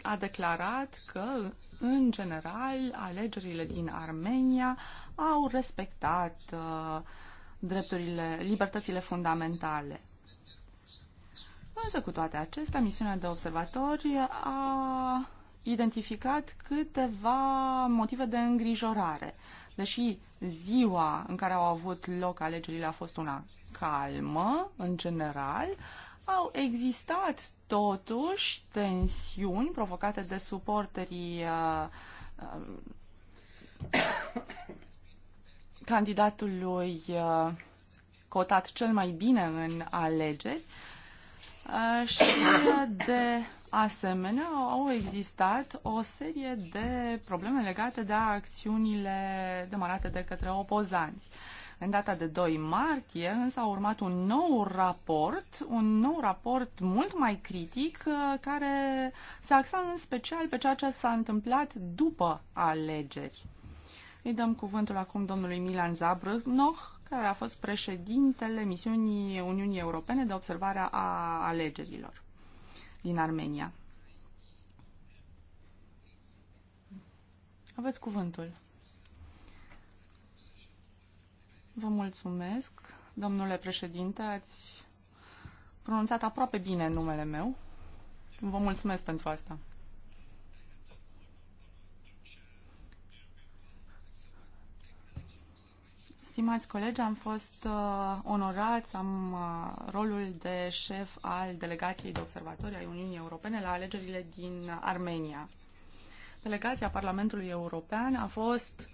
a declarat că, în general, alegerile din Armenia au respectat uh, drepturile, libertățile fundamentale. Însă, cu toate acestea, misiunea de observatori a identificat câteva motive de îngrijorare. Deși ziua în care au avut loc alegerile a fost una calmă, în general. Au existat totuși tensiuni provocate de suporterii uh, uh, (coughs) candidatului uh, cotat cel mai bine în alegeri, și de asemenea au existat o serie de probleme legate de acțiunile demarate de către opozanți. În data de 2 martie, însă, a urmat un nou raport, un nou raport mult mai critic, uh, care se axa în special pe ceea ce s-a întâmplat după alegeri. Îi dăm cuvântul acum domnului Milan Zabrnoch, care a fost președintele misiunii Uniunii Europene de observare a alegerilor din Armenia. Aveți cuvântul. Vă mulțumesc, domnule președinte, ați pronunțat aproape bine numele meu. Vă mulțumesc pentru asta. Stimați colegi, am fost uh, onorați, am uh, rolul de șef al delegației de observatori ai Uniunii Europene la alegerile din Armenia. Delegația Parlamentului European a fost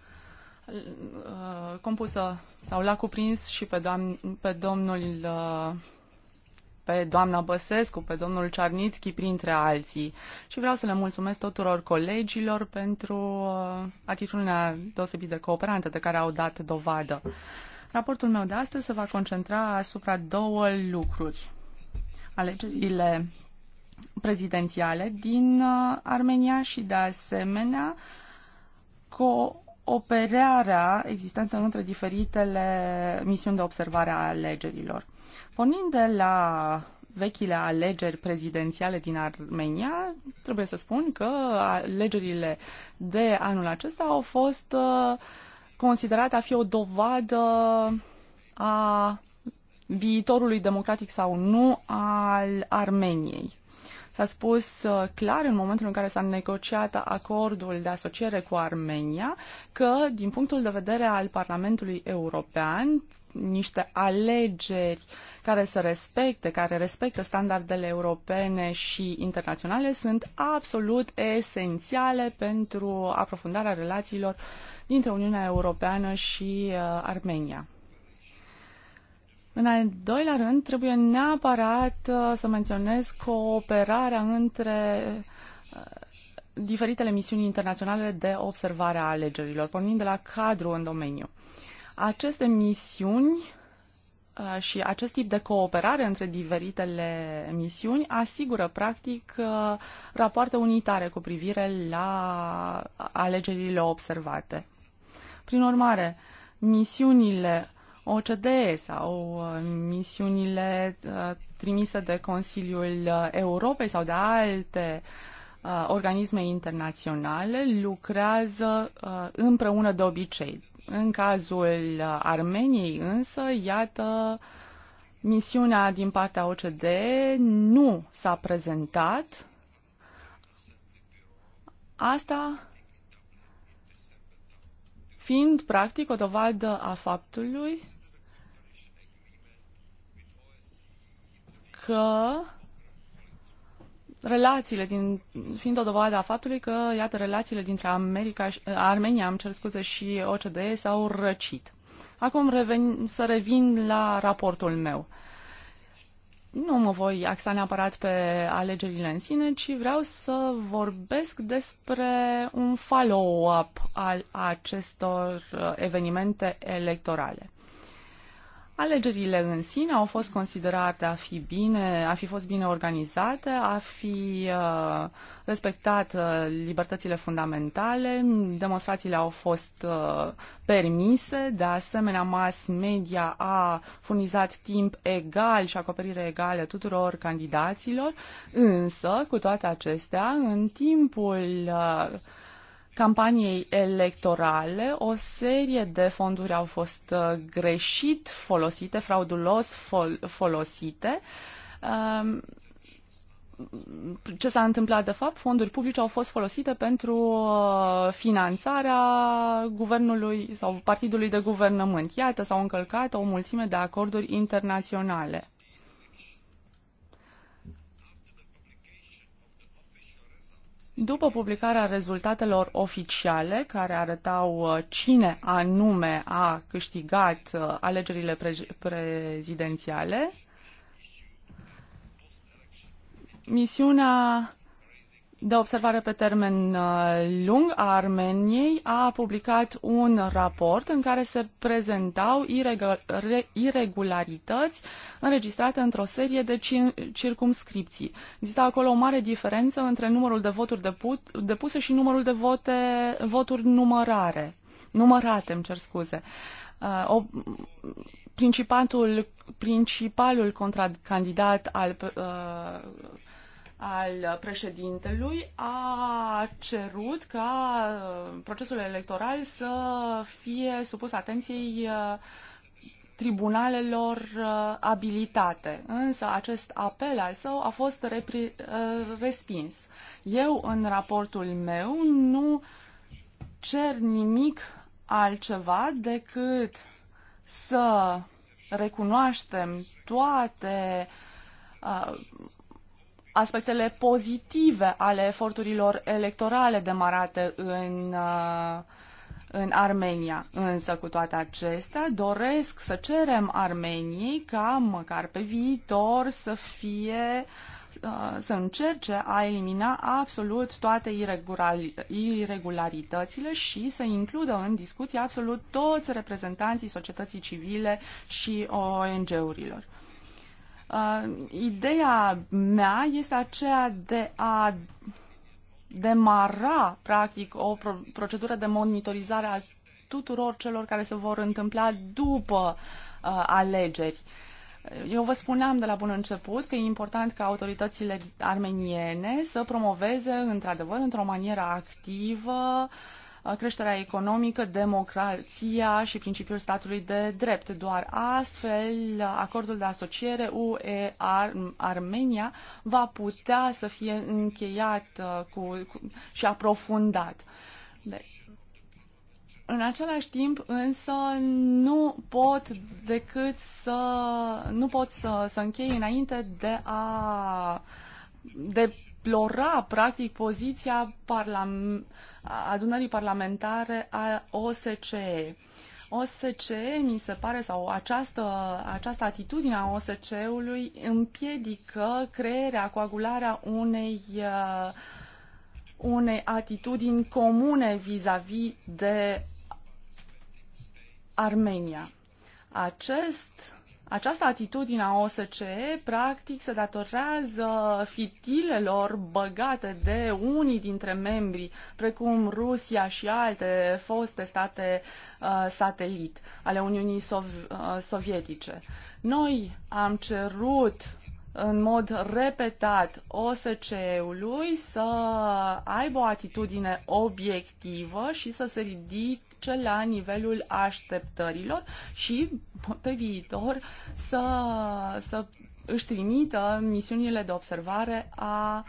uh, compusă sau l-a cuprins și pe, doamn, pe domnul uh, pe doamna Băsescu, pe domnul Cernițchi, printre alții. Și vreau să le mulțumesc tuturor colegilor pentru uh, atitudinea deosebit de cooperantă de care au dat dovadă. Raportul meu de astăzi se va concentra asupra două lucruri. Alegerile prezidențiale din uh, Armenia și, de asemenea, cooperarea existentă între diferitele misiuni de observare a alegerilor. Pornind de la vechile alegeri prezidențiale din Armenia, trebuie să spun că alegerile de anul acesta au fost uh, considerate a fi o dovadă a viitorului democratic sau nu al Armeniei. S-a spus uh, clar în momentul în care s-a negociat acordul de asociere cu Armenia că, din punctul de vedere al Parlamentului European, niște alegeri care să respecte, care respectă standardele europene și internaționale sunt absolut esențiale pentru aprofundarea relațiilor dintre Uniunea Europeană și uh, Armenia. În al doilea rând, trebuie neapărat uh, să menționez cooperarea între uh, diferitele misiuni internaționale de observare a alegerilor, pornind de la cadru în domeniu. Aceste misiuni uh, și acest tip de cooperare între diferitele misiuni asigură, practic, uh, rapoarte unitare cu privire la alegerile observate. Prin urmare, misiunile OCDE sau uh, misiunile trimise de Consiliul Europei sau de alte Uh, organisme internaționale lucrează uh, împreună de obicei. În cazul uh, Armeniei însă, iată, misiunea din partea OCD nu s-a prezentat. Asta fiind practic o dovadă a faptului că relațiile din, fiind o dovadă a faptului că, iată, relațiile dintre America și, uh, Armenia, am cer scuze, și OCDE s-au răcit. Acum reven, să revin la raportul meu. Nu mă voi axa neapărat pe alegerile în sine, ci vreau să vorbesc despre un follow-up al acestor uh, evenimente electorale. Alegerile în sine au fost considerate a fi bine, a fi fost bine organizate, a fi uh, respectat uh, libertățile fundamentale, demonstrațiile au fost uh, permise, de asemenea mass media a furnizat timp egal și acoperire egală tuturor candidaților, însă, cu toate acestea, în timpul uh, campaniei electorale, o serie de fonduri au fost uh, greșit folosite, fraudulos fol- folosite. Um, ce s-a întâmplat de fapt? Fonduri publice au fost folosite pentru uh, finanțarea guvernului sau partidului de guvernământ. Iată, s-au încălcat o mulțime de acorduri internaționale. După publicarea rezultatelor oficiale, care arătau uh, cine anume a câștigat uh, alegerile prezidențiale, misiunea de observare pe termen uh, lung a Armeniei a publicat un raport în care se prezentau irregularități înregistrate într-o serie de circumscripții. Există acolo o mare diferență între numărul de voturi depuse și numărul de vote, voturi numărare, numărate, îmi cer scuze. Uh, o, principalul, principalul contracandidat al uh, al președintelui a cerut ca uh, procesul electoral să fie supus atenției uh, tribunalelor uh, abilitate. Însă acest apel al său a fost repri, respins. Eu, în raportul meu, nu cer nimic altceva decât să recunoaștem toate aspectele pozitive ale eforturilor electorale demarate în, uh, în Armenia. Însă, cu toate acestea, doresc să cerem Armeniei ca măcar pe viitor să fie uh, să încerce a elimina absolut toate irregularitățile și să includă în discuție absolut toți reprezentanții societății civile și ONG-urilor. Uh, ideea mea este aceea de a demara, practic, o procedură de monitorizare a tuturor celor care se vor întâmpla după uh, alegeri. Eu vă spuneam de la bun început că e important ca autoritățile armeniene să promoveze, într-adevăr, într-o manieră activă, uh, creșterea economică, democrația și principiul statului de drept. Doar astfel, acordul de asociere UE Armenia va putea să fie încheiat cu, cu, și aprofundat. Deci, în același timp, însă, nu pot decât să, nu pot să, să închei înainte de a uh, deplora practic poziția parlam- adunării parlamentare a OSCE. OSCE, mi se pare, sau această, această atitudine a OSCE-ului împiedică crearea, coagularea unei uh, unei atitudini comune vis-a-vis -vis de Armenia. Acest această atitudine a OSCE, practic, se datorează fitilelor băgate de unii dintre membrii, precum Rusia și alte foste state uh, satelit ale Uniunii Sov- uh, Sovietice. Noi am cerut în mod repetat OSCE-ului să aibă o atitudine obiectivă și să se ridic, duce la nivelul așteptărilor și pe viitor să, să își trimită misiunile de observare a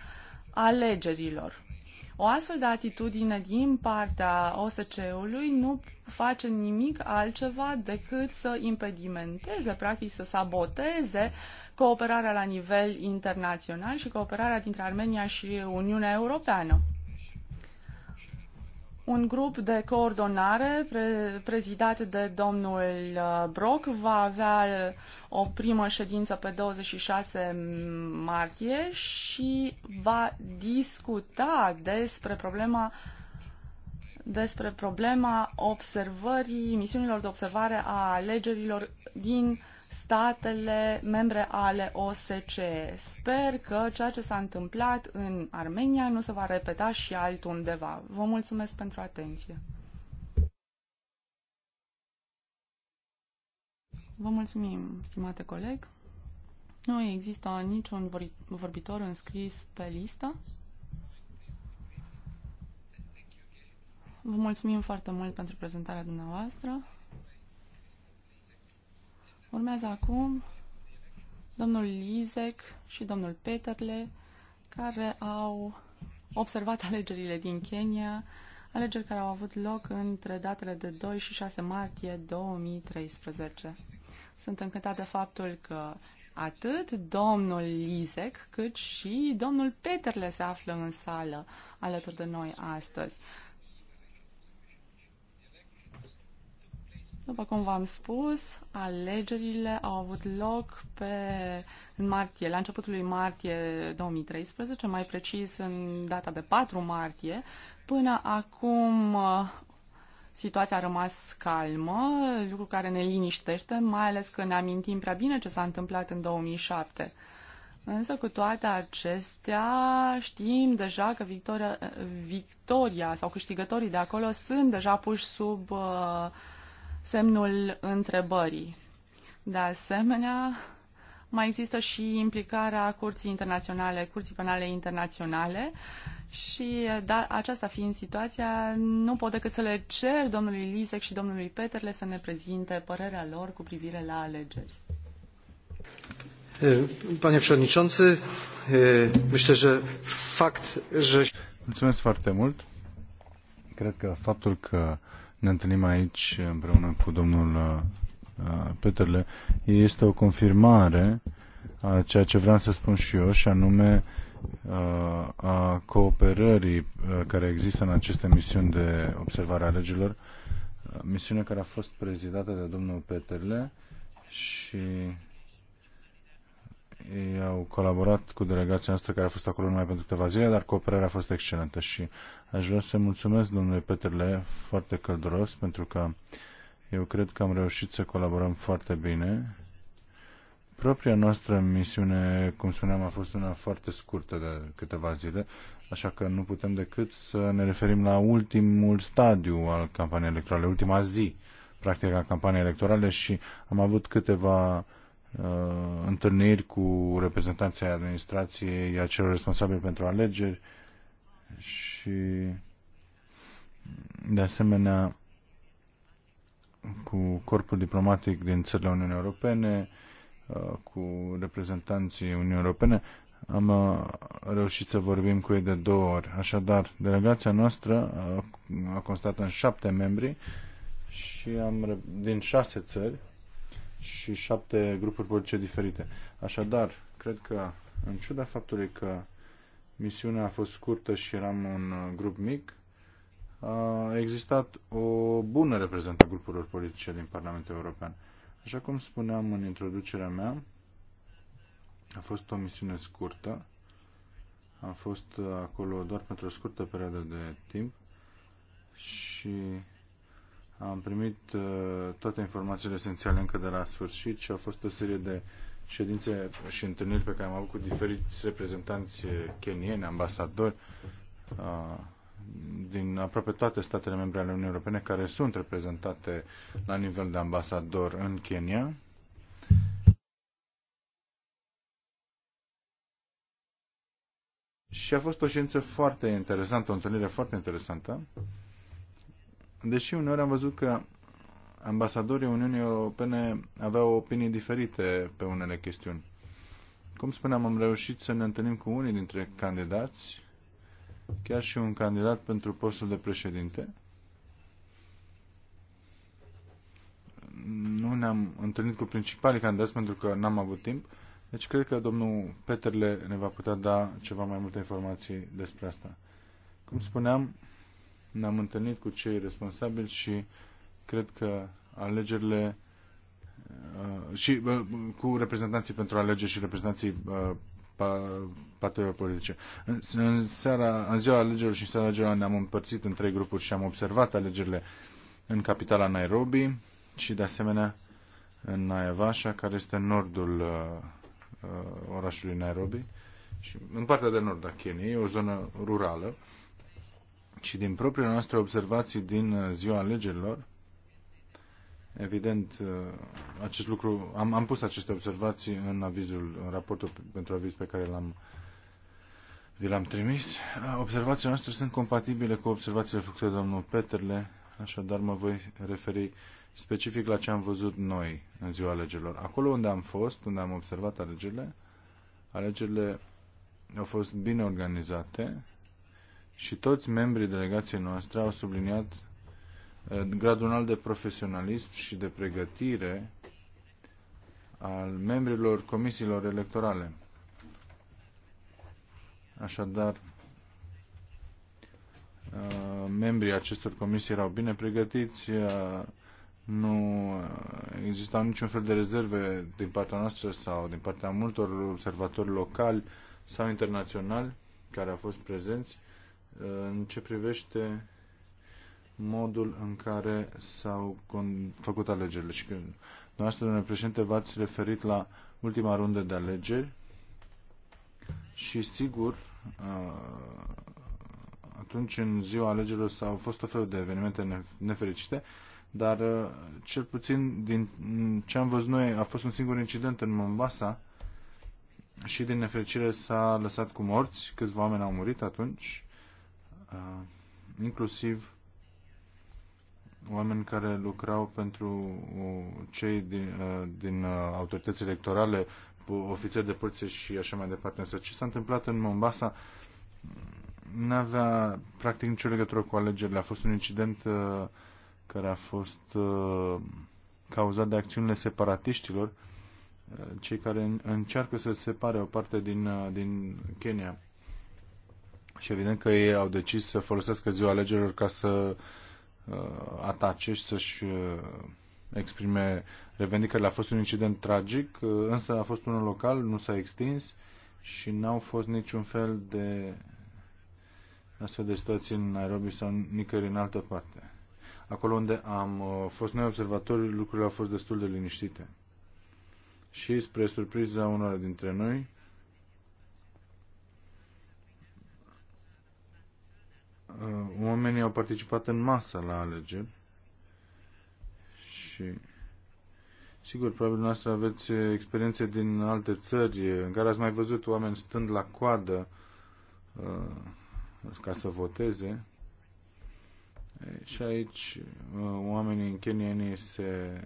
alegerilor. O astfel de atitudine din partea OSCE-ului nu face nimic altceva decât să impedimenteze, practic să saboteze cooperarea la nivel internațional și cooperarea dintre Armenia și Uniunea Europeană. Un grup de coordonare prezidat de domnul uh, Brock va avea uh, o primă ședință pe 26 martie și va discuta despre problema despre problema observării, misiunilor de observare a alegerilor din statele membre ale OSCE. Sper că ceea ce s-a întâmplat în Armenia nu se va repeta și altundeva. Vă mulțumesc pentru atenție. Vă mulțumim, stimate coleg. Nu există niciun vorbitor înscris pe listă. Vă mulțumim foarte mult pentru prezentarea dumneavoastră. Urmează acum domnul Lizec și domnul Peterle, care au observat alegerile din Kenya, alegeri care au avut loc între datele de 2 și 6 martie 2013. Sunt încântat de faptul că atât domnul Lizec, cât și domnul Peterle se află în sală alături de noi astăzi. După cum v-am spus, alegerile au avut loc pe, în martie, la începutul lui martie 2013, mai precis în data de 4 martie. Până acum uh, situația a rămas calmă, lucru care ne liniștește, mai ales că ne amintim prea bine ce s-a întâmplat în 2007. Însă, cu toate acestea, știm deja că victoria, victoria sau câștigătorii de acolo sunt deja puși sub uh, semnul întrebării. De asemenea, mai există și implicarea Curții Internaționale, Curții Penale Internaționale și da, aceasta fiind situația, nu pot decât să le cer domnului Lisec și domnului Peterle să ne prezinte părerea lor cu privire la alegeri. Panie Przewodniczący, myślę, że fakt, że... Mulțumesc foarte mult. Cred că faptul că ne întâlnim aici împreună cu domnul uh, Peterle, este o confirmare a ceea ce vreau să spun și eu, și anume uh, a cooperării uh, care există în aceste misiuni de observare a legilor, misiune care a fost prezidată de domnul Peterle și ei au colaborat cu delegația noastră care a fost acolo numai pentru câteva zile, dar cooperarea a fost excelentă și Aș vrea să mulțumesc domnului Petrele foarte călduros pentru că eu cred că am reușit să colaborăm foarte bine. Propria noastră misiune, cum spuneam, a fost una foarte scurtă de câteva zile, așa că nu putem decât să ne referim la ultimul stadiu al campaniei electorale, ultima zi, practic, a campaniei electorale și am avut câteva uh, întâlniri cu reprezentanții administrației, celor responsabili pentru alegeri și de asemenea cu corpul diplomatic din țările Uniunii Europene, uh, cu reprezentanții Uniunii Europene. Am uh, reușit să vorbim cu ei de două ori. Așadar, delegația noastră uh, a constat în șapte membri și am din șase țări și șapte grupuri politice diferite. Așadar, cred că în ciuda faptului că misiunea a fost scurtă și eram un uh, grup mic, a existat o bună reprezentă a grupurilor politice din Parlamentul European. Așa cum spuneam în introducerea mea, a fost o misiune scurtă. Am fost uh, acolo doar pentru o scurtă perioadă de timp și am primit uh, toate informațiile esențiale încă de la sfârșit și a fost o serie de ședințe și întâlniri pe care am avut cu diferiți reprezentanți kenieni, ambasadori uh, din aproape toate statele membre ale Uniunii Europene care sunt reprezentate la nivel de ambasador în Kenya. Și a fost o ședință foarte interesantă, o întâlnire foarte interesantă. Deși uneori am văzut că ambasadorii Uniunii Europene aveau opinii diferite pe unele chestiuni. Cum spuneam, am reușit să ne întâlnim cu unii dintre candidați, chiar și un candidat pentru postul de președinte. Nu ne-am întâlnit cu principalii candidați pentru că n-am avut timp, deci cred că domnul Peterle ne va putea da ceva mai multe informații despre asta. Cum spuneam, ne-am întâlnit cu cei responsabili și Cred că alegerile uh, și uh, cu reprezentanții pentru alegeri și reprezentanții uh, partidelor politice. În, seara, în ziua alegerilor și în seara alegerilor ne-am împărțit în trei grupuri și am observat alegerile în capitala Nairobi și de asemenea în Naivasha, care este nordul uh, orașului Nairobi și în partea de nord a Keniei, o zonă rurală. Și din propriile noastre observații din ziua alegerilor, Evident, uh, acest lucru, am, am pus aceste observații în avizul, în raportul pentru aviz pe care l-am vi l-am trimis. Uh, observațiile noastre sunt compatibile cu observațiile făcute de domnul Peterle, așadar mă voi referi specific la ce am văzut noi în ziua alegerilor. Acolo unde am fost, unde am observat alegerile, alegerile au fost bine organizate și toți membrii delegației noastre au subliniat gradul înalt de profesionalism și de pregătire al membrilor comisiilor electorale. Așadar, membrii acestor comisii erau bine pregătiți, nu existau niciun fel de rezerve din partea noastră sau din partea multor observatori locali sau internaționali care au fost prezenți în ce privește modul în care s-au făcut alegerile. Și când dumneavoastră, domnule președinte, v-ați referit la ultima rundă de alegeri și sigur atunci în ziua alegerilor s-au fost o fel de evenimente nefericite, dar cel puțin din ce am văzut noi a fost un singur incident în Mombasa și din nefericire s-a lăsat cu morți, câțiva oameni au murit atunci, inclusiv oameni care lucrau pentru uh, cei din, uh, din uh, autorități electorale, ofițeri de poliție și așa mai departe. Însă ce s-a întâmplat în Mombasa nu avea practic nicio legătură cu alegerile. A fost un incident care a fost cauzat de acțiunile separatiștilor, cei care încearcă să separe o parte din, din Kenya. Și evident că ei au decis să folosească ziua alegerilor ca să uh, Uh, atace și să-și uh, exprime revendicările. A fost un incident tragic, uh, însă a fost unul local, nu s-a extins și n-au fost niciun fel de astfel de situații în Nairobi sau nicăieri în altă parte. Acolo unde am fost noi observatori, lucrurile au fost destul de liniștite. Și spre surpriza unora dintre noi, Uh, oamenii au participat în masă la alegeri și sigur, probabil noastră aveți experiențe din alte țări în care ați mai văzut oameni stând la coadă uh, ca să voteze și aici uh, oamenii în kenienii se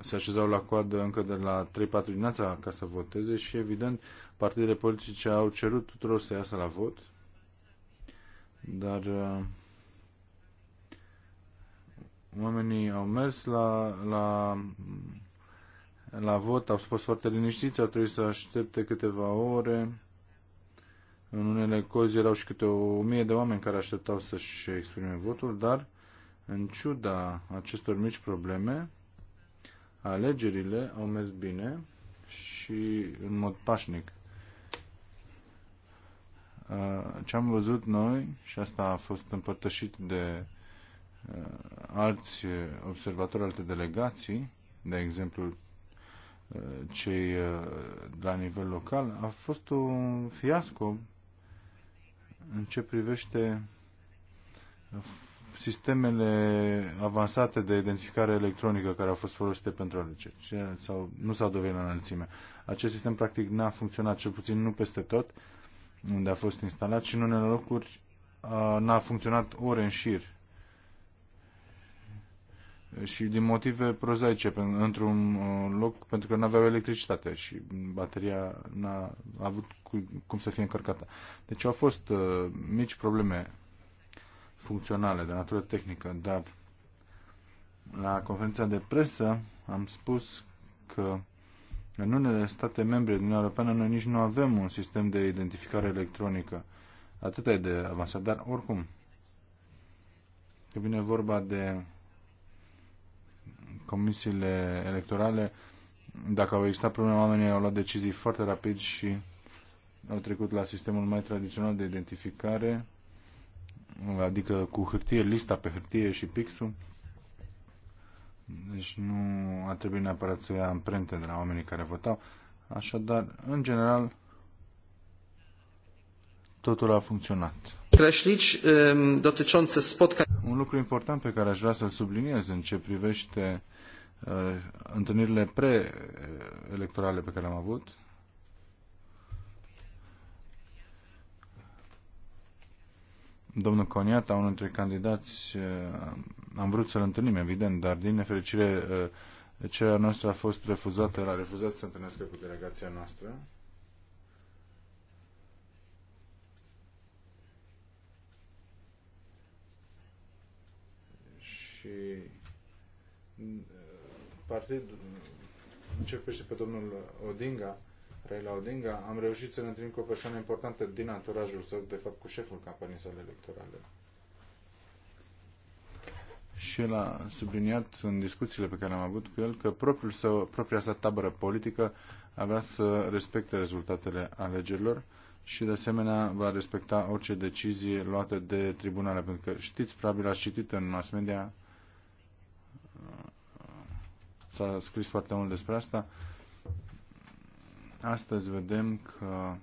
se așezau la coadă încă de la 3-4 dimineața ca să voteze și evident partidele politice au cerut tuturor să iasă la vot dar uh, oamenii au mers la, la, la vot, au fost foarte liniștiți, au trebuit să aștepte câteva ore. În unele cozi erau și câte o mie de oameni care așteptau să-și exprime votul, dar în ciuda acestor mici probleme, alegerile au mers bine și în mod pașnic. Uh, ce am văzut noi, și asta a fost împărtășit de uh, alți observatori, alte delegații, de exemplu uh, cei la nivel local, a fost un fiasco în ce privește sistemele avansate de identificare electronică care au fost folosite pentru alegeri. Sau, nu s-au dovedit la înălțime. Acest sistem practic n-a funcționat, cel puțin nu peste tot, unde a fost instalat și în unele locuri n-a funcționat ore în șir. Și din motive prozaice, într-un uh, loc, pentru că nu aveau electricitate și bateria n-a avut cum să fie încărcată. Deci au fost uh, mici probleme funcționale, de natură tehnică, dar la conferința de presă am spus că în unele state membre din Europeană noi nici nu avem un sistem de identificare electronică. Atât e de avansat, dar oricum, când vine vorba de comisiile electorale, dacă au existat probleme, oamenii au luat decizii foarte rapid și au trecut la sistemul mai tradițional de identificare, adică cu hârtie, lista pe hârtie și pixul. Deci nu ar trebui neapărat să ia amprente de la oamenii care votau. Așadar, în general, totul a funcționat. Un lucru important pe care aș vrea să-l subliniez în ce privește uh, întâlnirile pre-electorale pe care le-am avut, domnul Coniata, unul dintre candidați, uh, am vrut să-l întâlnim, evident, dar din nefericire uh, cererea noastră a fost refuzată, l a refuzat să întâlnească cu delegația noastră. și uh, partidul începește pe domnul Odinga Raila Odinga, am reușit să ne întâlnim cu o persoană importantă din anturajul său, de fapt cu șeful campaniei sale electorale. Și el a subliniat în discuțiile pe care am avut cu el că propriul său, propria sa tabără politică avea să respecte rezultatele alegerilor și de asemenea va respecta orice decizie luată de tribunale, pentru că știți, probabil ați citit în mass media, s-a scris foarte mult despre asta, Astăzi vedem că uh,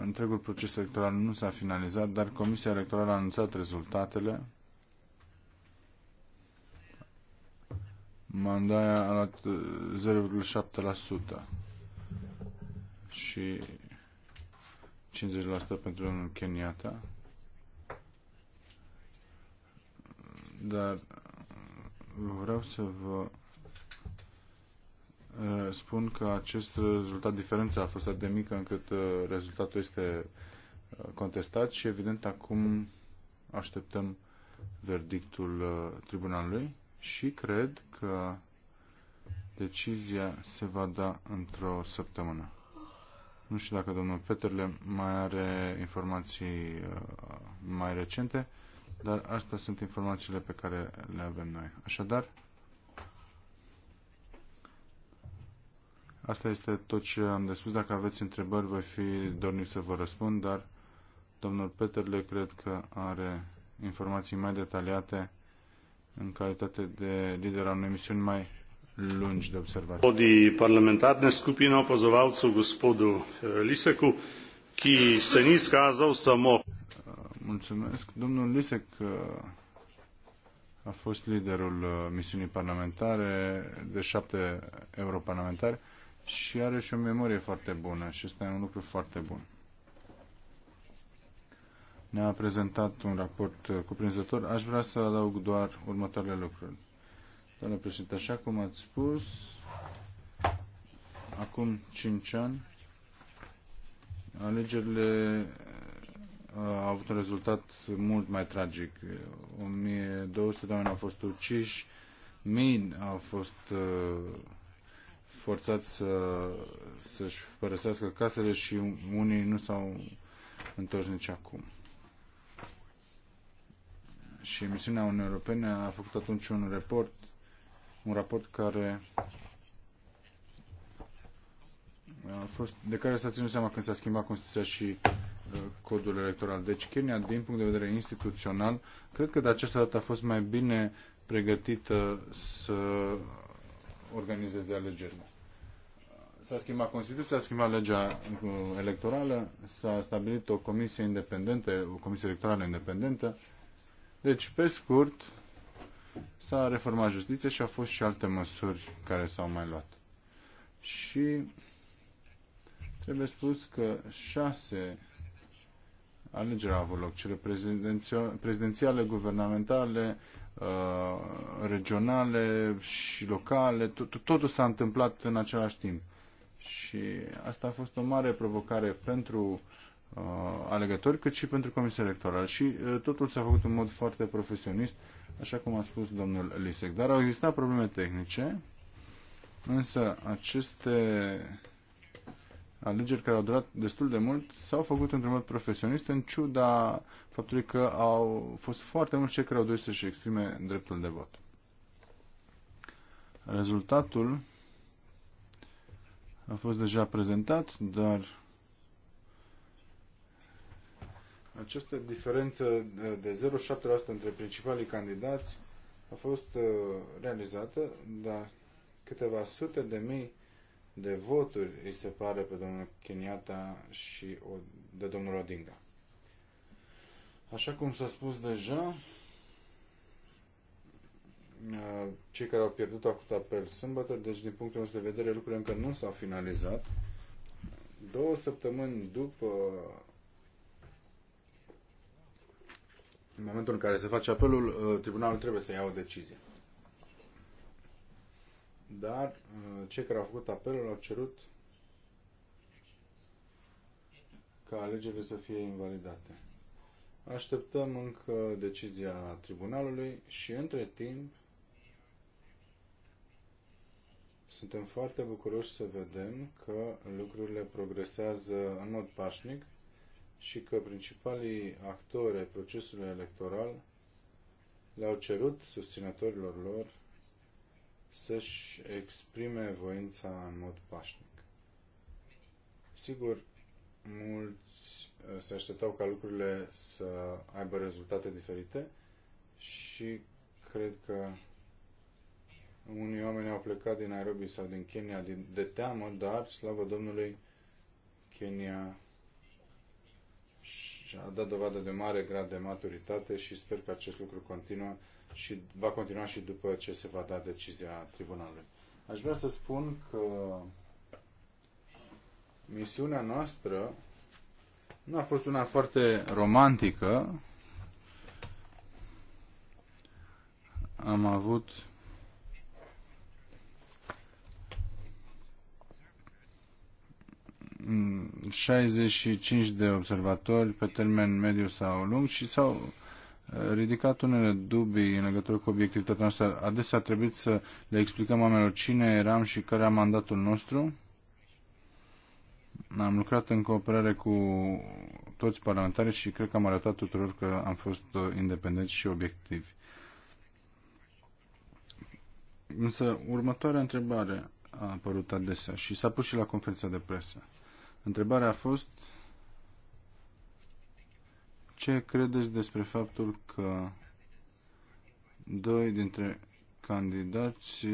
întregul proces electoral nu s-a finalizat, dar Comisia Electorală a anunțat rezultatele. Mandaia a luat 0,7% uh, și 50% pentru domnul Kenyatta. Dar vreau să vă Eh, spun că acest rezultat, diferența a fost atât de mică încât eh, rezultatul este eh, contestat și evident acum așteptăm verdictul tribunalului și cred că decizia se va da într-o săptămână. Nu știu dacă domnul Peterle mai are informații mai recente, dar astea sunt informațiile pe care le avem noi. Așadar, Asta este tot ce am de spus. Dacă aveți întrebări, voi fi dornic să vă răspund, dar domnul Peterle cred că are informații mai detaliate în calitate de lider al unei misiuni mai lungi de observație. Odi parlamentarne skupine opozovalcu gospodu eh, Liseku, ki se ni să samo. Eh, mulțumesc. Domnul Lisek eh, a fost liderul misiunii parlamentare de șapte europarlamentari și are și o memorie foarte bună și este un lucru foarte bun. Ne-a prezentat un raport cuprinzător. Aș vrea să adaug doar următoarele lucruri. Doamne președinte, așa cum ați spus, acum 5 ani, alegerile uh, au avut un rezultat mult mai tragic. 1200 de oameni au fost uciși, mii au fost uh, forțați să, să-și părăsească casele și unii nu s-au întors nici acum. Și misiunea Uniunii Europene a făcut atunci un raport, un raport care a fost, de care s-a ținut seama când s-a schimbat Constituția și uh, codul electoral. Deci Kenya, din punct de vedere instituțional, cred că de această dată a fost mai bine pregătită să organizeze alegerile. S-a schimbat Constituția, s-a schimbat legea electorală, s-a stabilit o comisie independentă, o comisie electorală independentă. Deci, pe scurt, s-a reformat justiția și au fost și alte măsuri care s-au mai luat. Și trebuie spus că șase alegeri au avut loc, cele prezidențiale, guvernamentale, uh, regionale și locale, totul s-a întâmplat în același timp. Și asta a fost o mare provocare pentru uh, alegători, cât și pentru Comisia Electorală. Și uh, totul s-a făcut în mod foarte profesionist, așa cum a spus domnul Lisec. Dar au existat probleme tehnice, însă aceste alegeri care au durat destul de mult s-au făcut într-un mod profesionist, în ciuda faptului că au fost foarte mulți cei care au dorit să-și exprime dreptul de vot. Rezultatul a fost deja prezentat, dar această diferență de 0,7% între principalii candidați a fost uh, realizată, dar câteva sute de mii de voturi îi separă pe domnul Kenyatta și de domnul Odinga. Așa cum s-a spus deja, Uh, cei care au pierdut au făcut apel sâmbătă, deci din punctul nostru de vedere lucrurile încă nu s-au finalizat. Două săptămâni după în momentul în care se face apelul, uh, tribunalul trebuie să ia o decizie. Dar uh, cei care au făcut apelul au cerut ca alegerile să fie invalidate. Așteptăm încă decizia tribunalului și între timp suntem foarte bucuroși să vedem că lucrurile progresează în mod pașnic și că principalii actori ai procesului electoral le-au cerut susținătorilor lor să-și exprime voința în mod pașnic. Sigur, mulți uh, se așteptau ca lucrurile să aibă rezultate diferite și cred că unii oameni au plecat din Nairobi sau din Kenya din, de teamă, dar, slavă Domnului, Kenya a dat dovadă de mare grad de maturitate și sper că acest lucru continuă și va continua și după ce se va da decizia tribunalului. Aș vrea să spun că misiunea noastră nu a fost una foarte romantică. Am avut 65 de observatori pe termen mediu sau lung și s-au uh, ridicat unele dubii în legătură cu obiectivitatea noastră. Adesea a trebuit să le explicăm oamenilor cine eram și care era mandatul nostru. Am lucrat în cooperare cu toți parlamentarii și cred că am arătat tuturor că am fost uh, independenți și obiectivi. Însă, următoarea întrebare a apărut adesea și s-a pus și la conferința de presă. Întrebarea a fost ce credeți despre faptul că doi dintre candidați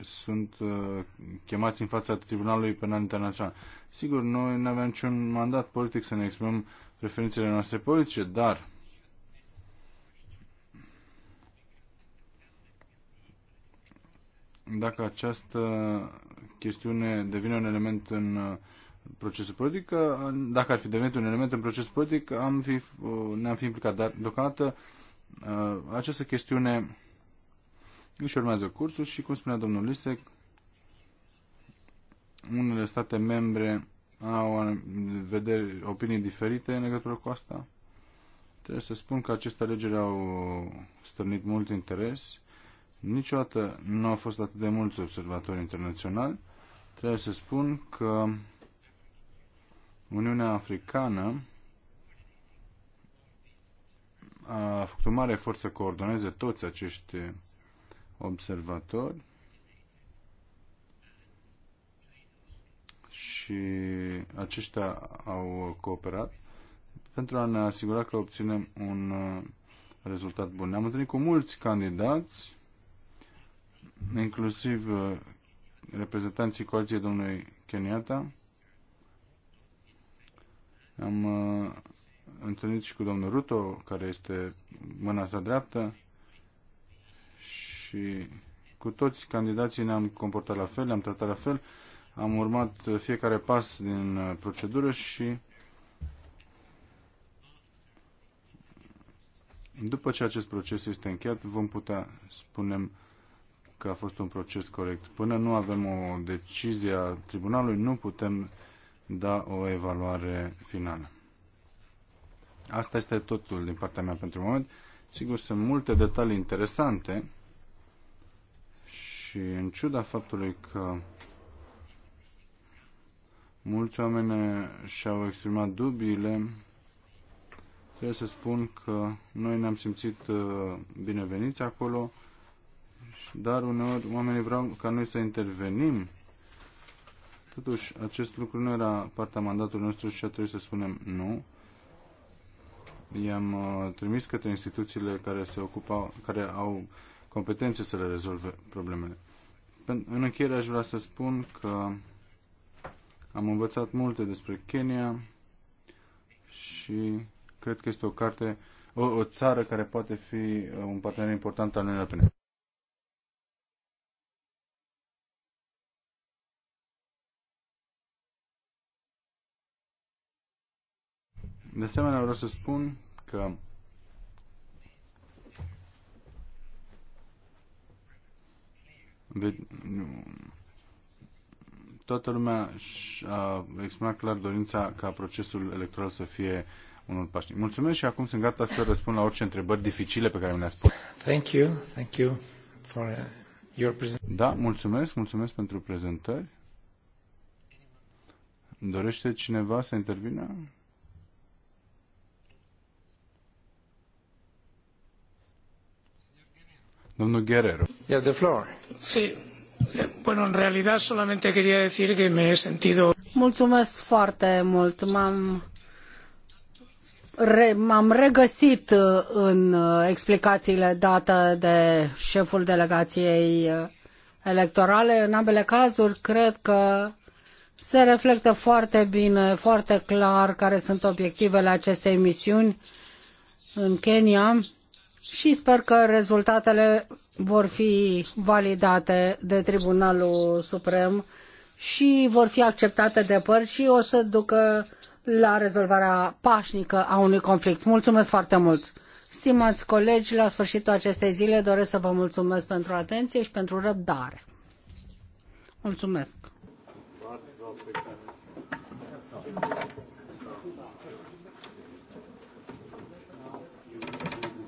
sunt uh, chemați în fața Tribunalului Penal Internațional. Sigur, noi nu avem niciun mandat politic să ne exprimăm preferințele noastre politice, dar dacă această chestiune devine un element în uh, procesul politic, că dacă ar fi devenit un element în procesul politic, am fi, uh, ne-am fi implicat. Dar, deocamdată, uh, această chestiune își urmează cursul și, cum spunea domnul Lisec, unele state membre au vederi, opinii diferite în legătură cu asta. Trebuie să spun că aceste alegeri au stârnit mult interes. Niciodată nu au fost atât de mulți observatori internaționali. Trebuie să spun că Uniunea Africană a făcut un mare efort să coordoneze toți acești observatori și aceștia au cooperat pentru a ne asigura că obținem un uh, rezultat bun. Ne-am întâlnit cu mulți candidați, inclusiv uh, reprezentanții coaliției domnului Kenyatta, am uh, întâlnit și cu domnul Ruto, care este mâna sa dreaptă și cu toți candidații ne-am comportat la fel, ne-am tratat la fel, am urmat fiecare pas din uh, procedură și după ce acest proces este încheiat, vom putea spunem că a fost un proces corect. Până nu avem o decizie a tribunalului, nu putem da o evaluare finală. Asta este totul din partea mea pentru moment. Sigur, sunt multe detalii interesante și în ciuda faptului că mulți oameni și-au exprimat dubiile, trebuie să spun că noi ne-am simțit uh, bineveniți acolo, dar uneori oamenii vreau ca noi să intervenim Totuși, acest lucru nu era partea mandatului nostru și a trebuit să spunem nu. I-am uh, trimis către instituțiile care se ocupau, care au competențe să le rezolve problemele. În încheiere aș vrea să spun că am învățat multe despre Kenya și cred că este o carte, o, o țară care poate fi uh, un partener important al Uniunii Europene. De asemenea, vreau să spun că toată lumea a exprimat clar dorința ca procesul electoral să fie unul pașnic. Mulțumesc și acum sunt gata să răspund la orice întrebări dificile pe care mi le-ați pus. Thank you, thank you for uh, your da, mulțumesc, mulțumesc pentru prezentări. Dorește cineva să intervină? Domnul Guerrero. the floor. Sí. Bueno, en realidad solamente quería decir que me he sentido... Mulțumesc foarte mult. M-am re, m-am regăsit uh, în uh, explicațiile date de șeful delegației uh, electorale. În ambele cazuri, cred că se reflectă foarte bine, foarte clar care sunt obiectivele acestei misiuni în Kenya și sper că rezultatele vor fi validate de Tribunalul Suprem și vor fi acceptate de părți și o să ducă la rezolvarea pașnică a unui conflict. Mulțumesc foarte mult! Stimați colegi, la sfârșitul acestei zile doresc să vă mulțumesc pentru atenție și pentru răbdare. Mulțumesc!